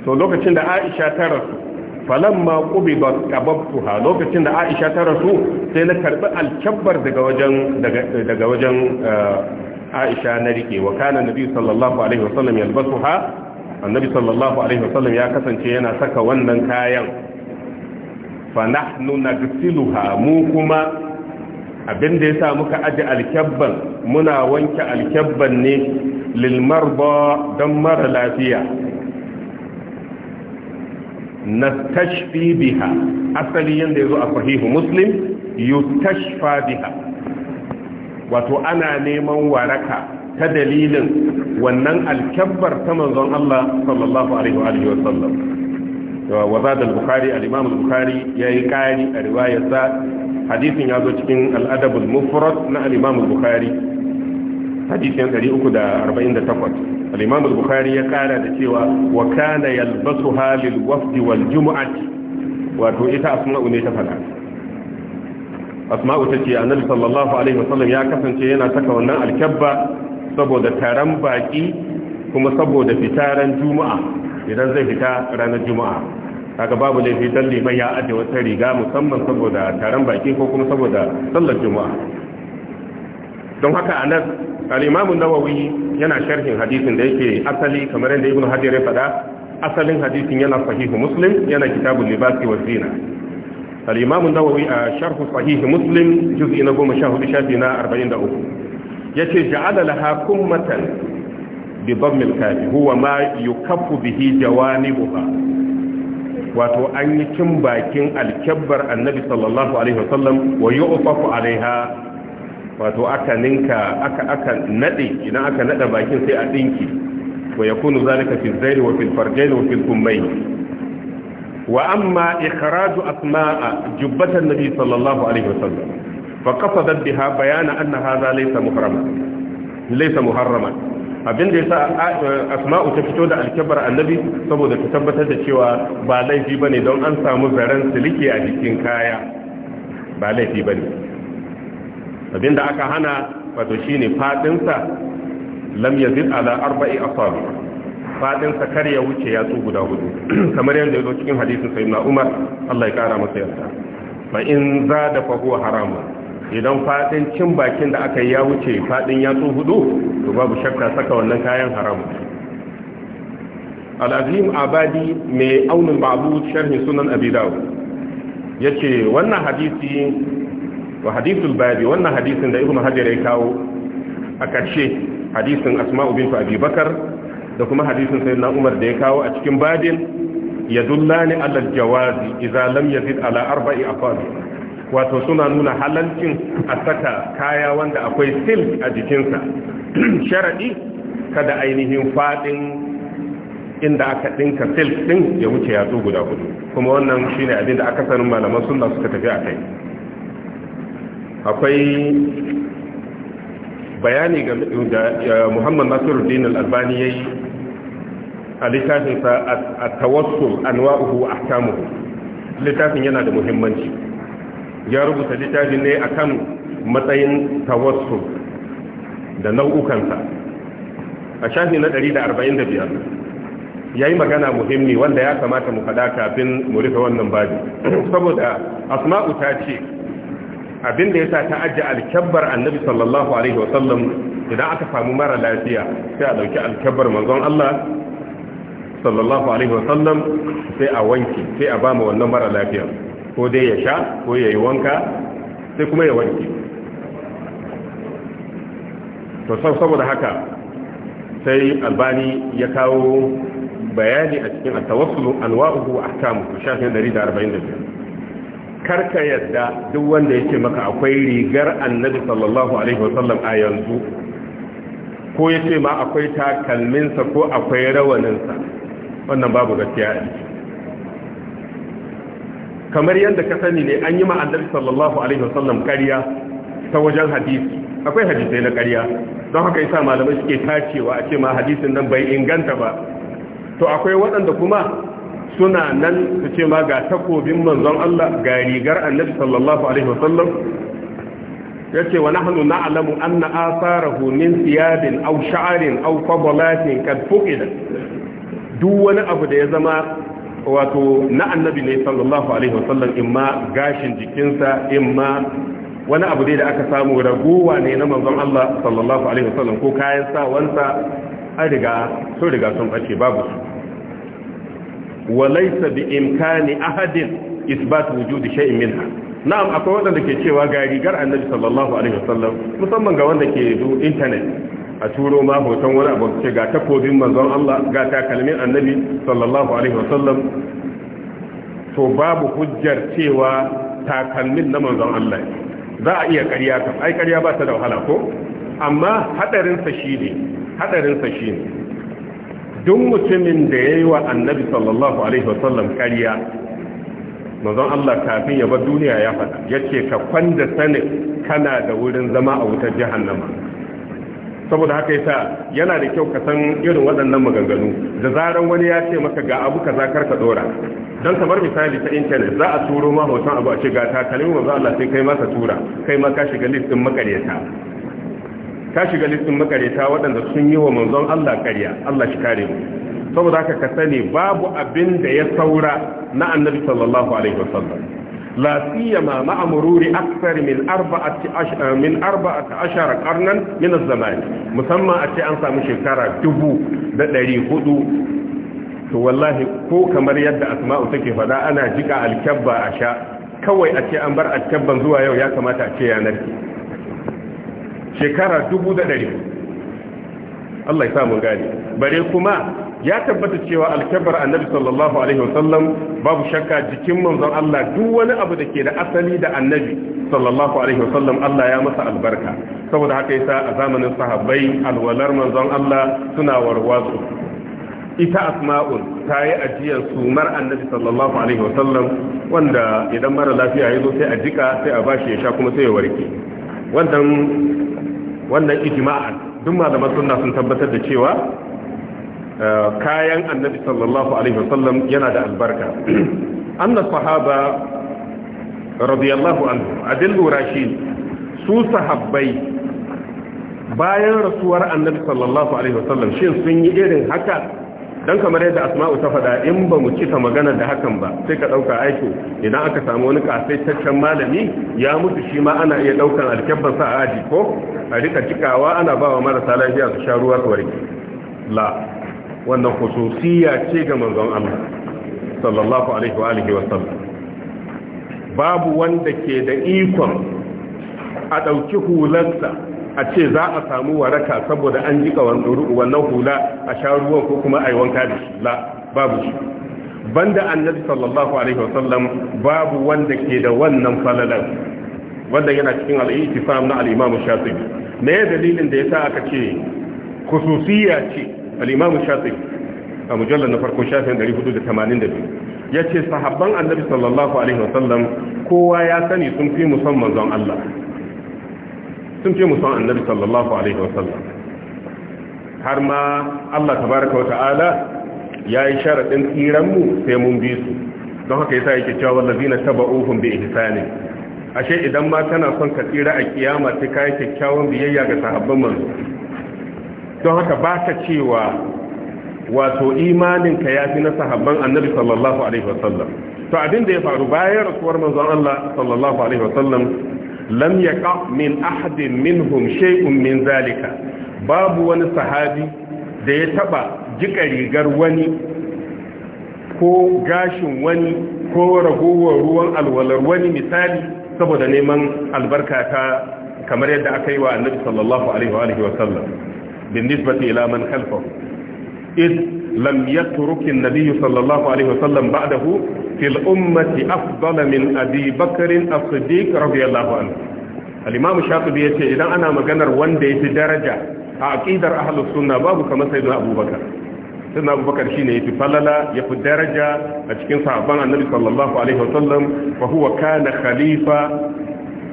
to lokacin da Aisha ta rasu falamma qubidat qababtuha lokacin da Aisha ta rasu sai na karbi alkabbar daga wajen daga wajen eh, Aisha na rike wa kana nabi sallallahu alaihi wasallam yalbasuha annabi sallallahu alaihi wasallam ya kasance yana saka wannan kayan fa nahnu nagsiluha mu kuma abinda yasa muka aje alkabban muna wanke alkabban ne lil marba dan mara lafiya nastashfi biha asali yanda yazo a sahihu muslim yutashfa biha wato ana neman waraka ta dalilin wannan alkabbar ta manzon Allah sallallahu alaihi wa alihi wa sallam wa zada al-bukhari al-imam al-bukhari yayi kari a riwayarsa hadisin yazo cikin al-adab al-mufrad na al-imam al-bukhari hadisin 348 al-imam al-bukhari ya kara da cewa wa kana yalbasuha lil wafdi wal jumu'ati wato ita asma'u ne ta fada asma'u tace annabi sallallahu alaihi wasallam ya kasance yana saka wannan alkabba saboda taron baki kuma saboda fitaran juma'a idan zai fita ranar juma'a kaga babu laifi dan liman ya ajiye wata riga musamman saboda taron baki ko kuma saboda sallar juma'a don haka anas al-imam nawawi yana sharhin hadisin da yake asali kamar yadda ibnu hajar ya faɗa asalin hadisin yana sahihu muslim yana kitabul libasi wa zina al-imam an-nawawi a sharh sahih muslim juz'i na 14 shafi na uku. yace ja'ala laha kummatan bi dhamm al-kaf huwa ma kafu bihi jawani jawanibuha wato an yi cin bakin alkabbar annabi sallallahu alaihi wasallam wa yu'fafu alaiha wato aka ninka aka aka nade idan aka nada bakin sai a dinki wa yakunu zalika fi zairi wa fil farjain wa fil wa amma ikhraju asma'a jubbatan nabi sallallahu alaihi wasallam fa qasadat biha bayana anna hadha laysa muharrama laysa muharrama abinda yasa asma'u ta fito da alkibar annabi saboda ta tabbatar da cewa ba laifi bane don an samu zaren silike a jikin kaya ba laifi bane abinda aka hana wato ne fadinsa lam yazid ala arba'i asabi fadinsa kar ya wuce ya tsu guda hudu kamar yadda ya yazo cikin hadisin na Umar Allah ya kara masa yadda Ba in za da huwa haramun idan fadin cin bakin da aka yi ya wuce fadin ya tsu hudu to babu shakka saka wannan kayan haramun al'azim abadi mai aunin babu sharhin sunan abidawo ya ce wannan hadisi wa hadithul babi wannan hadisin da ibnu hajar ya kawo a ƙarshe hadisin asma'u bintu abubakar da kuma hadisin sayyidina umar da ya kawo a cikin ya dullani alal jawazi izalam yazid ala arba'i afad wato suna nuna halarcin a saka kaya wanda akwai silk a jikinsa sharaɗi kada ainihin faɗin inda aka ɗinka silk ɗin ya wuce yatsu guda hudu kuma wannan shine abin da akasarin malaman sunna suka tafi a kai akwai bayani ga muhammad nasiruddin al-albani ya yi a littafinsa a tawassul anwa'uhu ahkamuhu littafin yana da muhimmanci ya rubuta littafin ne akan matsayin tawassul da nau'ukansa a shafi na 145 ya yi magana muhimmi wanda ya kamata mu faɗa kafin mu rufe wannan babi saboda asma'u ta ce abin da sa ta ajiye alkabbar annabi sallallahu alaihi wasallam idan aka samu mara lafiya sai a dauki alkabbar manzon Allah sallallahu alaihi wasallam sai a wanki sai a ba mu wannan mara lafiya ko dai ya sha ko ya yi wanka sai kuma ya wanki. to saboda haka sai albani ya kawo bayani a cikin at-tawassul anwa'uhu wa ahkamuhu shafin 145 karka yadda duk wanda ya ce maka akwai rigar annabi sallallahu alaihi wasallam a yanzu ko ya ce ma akwai takalminsa ko akwai rawaninsa wannan babu gaskiya a kamar yadda ka sani ne an yi ma annabi sallallahu alaihi wasallam ƙarya ta wajen hadisi akwai hadisai na ƙarya don haka yasa malamai suke tacewa a ce ma hadisin nan bai inganta ba to akwai waɗanda kuma suna nan su ce ma ga takobin manzon Allah ga rigar annabi sallallahu alaihi wasallam ya ce wa nahnu na'lamu anna atharahu min thiyabin aw sha'arin aw fadlatin kad fuqida duk wani abu da ya zama wato na annabi ne sallallahu alaihi wasallam imma gashin jikinsa imma wani abu dai da aka samu ragowa ne na manzon Allah sallallahu alaihi wasallam ko kayan wanda an riga sun riga sun bace babu su wa laysa bi imkani ahadin isbat wujudi shay'in minha na'am akwai waɗanda ke cewa ga rigar annabi sallallahu alaihi wasallam musamman ga wanda ke du intanet a turo ma hoton wani abu ce ga takobin manzon Allah ga takalmin annabi sallallahu alaihi wasallam to babu hujjar cewa takalmin na manzon Allah za a iya karya kan ai ƙarya ba ta da wahala ko amma hadarin sa shine hadarin sa shine duk mutumin da ya yi wa annabi sallallahu alaihi wasallam kariya mazan Allah kafin ya bar duniya ya fada ya ce ka kwanda sanin kana da wurin zama a wutar nama. saboda haka yasa yana da kyau ka san irin waɗannan maganganu da zaran wani ya ce maka ga abu kaza kar ka dora don kamar misali ta intanet za a turo ma hoton abu a ce ga takalmi manzo Allah sai kai masa tura kai ma ka shiga listin makaryata ka shiga listin makareta waɗanda sun yi wa manzon Allah ƙarya Allah shi kare mu saboda haka ka sani babu abin da ya saura na annabi sallallahu alaihi wasallam la siyama ma'a mururi akthar min arba'ati ashara eh, min arba'ati ashara qarnan min az-zaman musamman a ce an samu shekara dubu da ɗari hudu to wallahi ko kamar yadda asma'u take fada ana jika alkabba a sha kawai a ce an bar alkabban zuwa yau ya kamata a ce yanar ki shekara dubu da ɗari Allah ya samu gani bare kuma ya tabbata cewa alkabar annabi sallallahu alaihi wasallam babu shakka jikin manzon Allah duk wani abu da ke da asali da annabi sallallahu alaihi wasallam Allah ya masa albarka saboda haka yasa a zamanin sahabbai alwalar manzon Allah suna warwatsu ita Asma'ul ta yi ajiyar sumar annabi sallallahu alaihi wasallam wanda idan mara lafiya ya zo sai a jika sai a bashi ya sha kuma sai ya warke wannan wannan ijma'an duk malaman sunna sun tabbatar da cewa eh, kayan annabi sallallahu alaihi wasallam yana da albarka anna sahaba radiyallahu anhu adil lurashi su sahabbai bayan rasuwar annabi sallallahu alaihi wasallam shin sun yi irin haka dan kamar yadda asma'u ta faɗa in ba mu cika magana da hakan ba sai ka ɗauka aiko idan aka samu wani kasaitaccen malami ya mutu shi ma ana iya ɗaukan alkyabban a aji ko a rika cikawa ana ba wa marasa lafiya su sha ruwa su warke la wannan khususiyya ce ga manzon Allah sallallahu alaihi wa alihi wasallam babu wanda ke da ikon a ɗauki hularsa a ce za a samu waraka saboda an jika wannan hula a sha ruwan ko kuma a yi wanka da shi la babu shi banda annabi sallallahu alaihi wasallam babu wanda ke da wannan falalan wanda yana cikin al-ittifam na al-imam shafi'i me ya dalilin da yasa aka ce khususiyya ce al-imam shafi'i a mujallal na farko shafin 482 yace sahabban annabi sallallahu alaihi wasallam kowa ya sani sun fi musamman zan Allah sun fi musan annabi sallallahu alaihi wasallam har ma Allah tabaraka wata'ala ya yi sharaɗin tsiranmu sai mun bi su don haka yasa yake cewa wallazina taba'uhum bi ihsani ashe idan ma tana son ka tsira a kiyama sai kai kyakkyawan biyayya ga sahabban manzo don haka ba ka cewa wato imanin ka fi na sahabban annabi sallallahu alaihi wasallam to abin da ya faru bayan rasuwar manzon Allah sallallahu alaihi wasallam lam yaqa min ahadin minhum shay'un min zalika babu wani sahabi da ya taba jika rigar wani ko gashin wani ko ragowar ruwan alwalar wani misali saboda neman albarka ta kamar yadda aka yi wa annabi sallallahu alaihi wa sallam bin nisbati ila man khalfahu إذ لم يترك النبي صلى الله عليه وسلم بعده في الأمة أفضل من أبي بكر الصديق رضي الله عنه الإمام الشاطبي يقول إذا أنا مجنر وان دي في درجة أعقيدر أهل السنة بابو كما سيدنا أبو بكر سيدنا أبو بكر شين يتفلل يقول درجة أتكين صعبان النبي صلى الله عليه وسلم فهو كان خليفة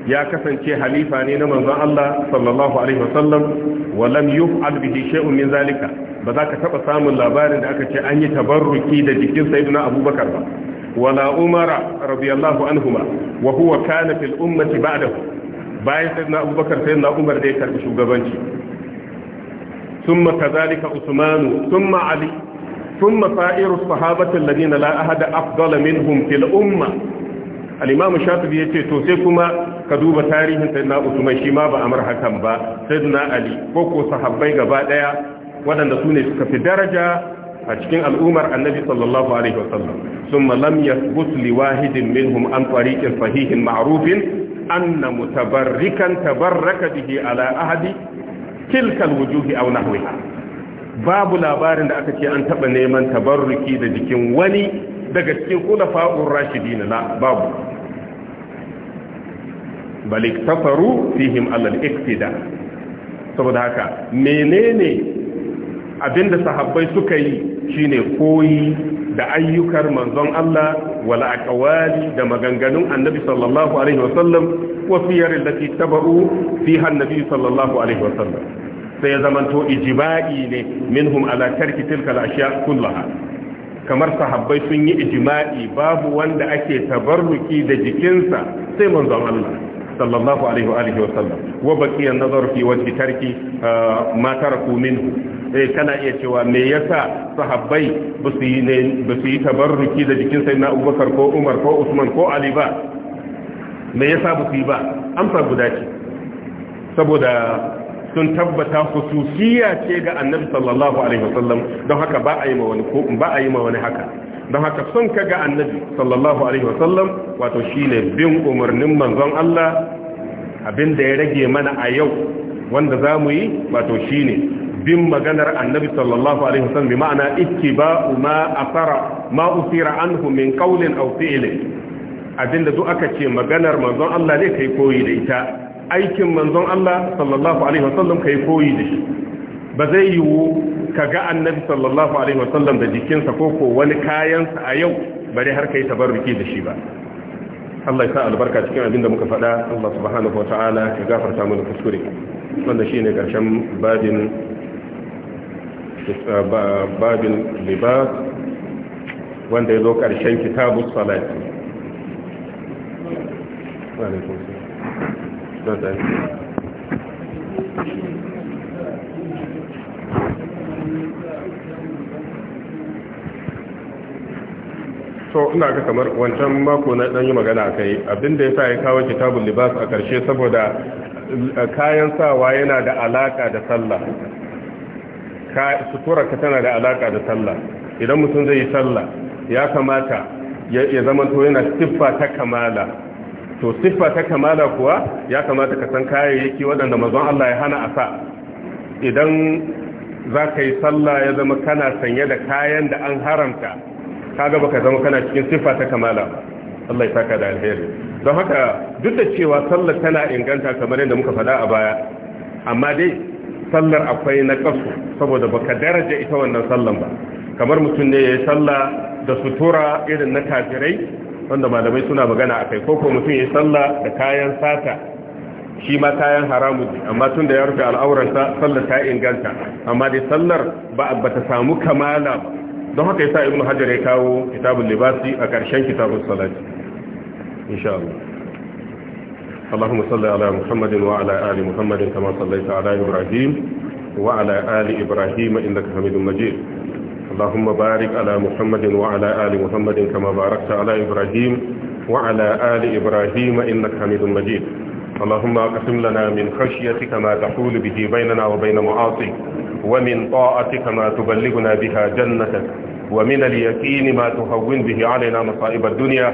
ya kasance halifa ne na manzon Allah sallallahu alaihi wasallam wa lam yuf'al bihi shay'un min zalika ba za ka taɓa samun labarin da aka ce an yi tabarruki da jikin sayyidina abubakar ba wala umara radiyallahu anhuma wa huwa kana fil ummati ba'dahu bayan sayyidina abubakar sayyidina umar da ya karbi shugabanci ثم كذلك عثمان ثم علي ثم سائر الصحابة الذين لا أحد أفضل منهم في الأمة الإمام الشاطبي يتي توسيكما كدوب تاريخ سيدنا عثمان شما بأمر حكم با Ali ko كوكو صحابي gaba ديا waɗanda su ne suka fi daraja a cikin al'ummar annabi sallallahu alaihi wasallam summa lam yathbut li wahidin minhum an tariqin fahihin ma'arufin anna mutabarrikan tabarraka bihi ala ahadi tilka alwujuhi aw nahwiha babu labarin da aka ce an taba neman tabarruki da jikin wani daga cikin khulafa'ur rashidin la babu bal iktafaru fihim al-iktida saboda haka menene abinda sahabbai suka yi shine koyi da ayyukar manzon Allah wala aqwali da maganganun annabi sallallahu alaihi wasallam wa fiyar allati tabu fiha annabi sallallahu alaihi wasallam sai ya zamanto ijma'i ne minhum ala tarki tilka al-ashya kullaha kamar sahabbai sun yi ijima'i babu wanda ake tabarruki da jikinsa sai manzon Allah sallallahu alaihi wa alihi wa sallam wa baqiya nazar fi wajhi tarki ah, ma taraku minhu eh kana iya cewa me yasa sahabbai ba yi ne yi tabarruki da jikin sayyidina Abubakar ko Umar ko Usman ko Ali ba me yasa ba yi ba amsa guda ce saboda sun tabbata khususiyya ce ga annabi sallallahu alaihi wasallam don haka ba a yi ma wani ko ba a yi ma wani haka don haka son ka ga annabi sallallahu alaihi wasallam wato shine bin umarnin manzon Allah abin da ya rage mana a yau wanda za mu yi wato shine bin maganar annabi sallallahu alaihi wasallam bi ma'ana ittiba'u ma asara ma usira anhu min qawlin aw fi'lin abinda duk aka ce maganar manzon Allah ne kai koyi da ita aikin manzon Allah sallallahu alaihi wasallam kai koyi da shi ba zai yiwu ka ga annabi sallallahu alaihi wasallam da jikinsa ko ko wani kayansa a yau bare har kai tabarruki da shi ba Allah ya sa albarka cikin abin da muka faɗa Allah subhanahu wataala ya gafarta mana kuskure wanda shine karshen babin babin libas wanda ya zo karshen kitabu salati so ina ga kamar wancan mako na dan yi magana kai abinda yasa ya kawo kitabul libas a karshe saboda eh, kayan sawa yana da alaka da sallah sutura ka tana da alaka da sallah idan mutum zai yi sallah ya kamata ya zama to yana siffa ta kamala to siffa ta kamala kuwa ya kamata ka san kayayyaki waɗanda mazan Allah ya hana a sa idan za ka yi sallah ya zama kana sanye da kayan da an haramta Ka gaba ka zama kana cikin siffa ta kamala Allah ya saka da alheri don haka duk da cewa sallar tana inganta kamar yadda muka faɗa a baya amma dai sallar akwai na ƙasu saboda baka daraja ita wannan sallan ba kamar mutum ne ya yi sallah da sutura irin na kafirai wanda malamai suna magana a kai ko ko mutum ya sallah da kayan sata shi ma kayan haramu ne amma tun da ya rufe al'auransa sallar ta inganta amma dai sallar ba ba ta samu kamala ba don haka yasa ibnu hajar ya kawo kitabul libasi a ƙarshen kitabul salati insha Allah اللهم صل على محمد وعلى آل محمد كما صليت على إبراهيم وعلى آل إبراهيم إنك حميد مجيد اللهم بارك على محمد وعلى آل محمد كما باركت على إبراهيم وعلى آل إبراهيم إنك حميد مجيد اللهم اقسم لنا من خشيتك ما تحول به بيننا وبين معاصيك ومن طاعتك ما تبلغنا بها جنتك ومن اليقين ما تهون به علينا مصائب الدنيا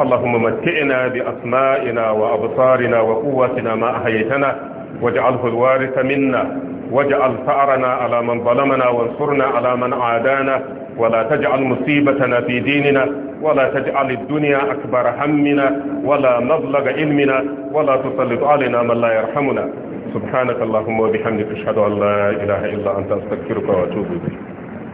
اللهم متئنا بأسمائنا وأبصارنا وقوتنا ما أحييتنا واجعله الوارث منا واجعل ثأرنا على من ظلمنا وانصرنا على من عادانا ولا تجعل مصيبتنا في ديننا ولا تجعل الدنيا أكبر همنا ولا مبلغ علمنا ولا تسلط علينا من لا يرحمنا سبحانك اللهم وبحمدك اشهد ان لا اله الا انت استغفرك واتوب اليك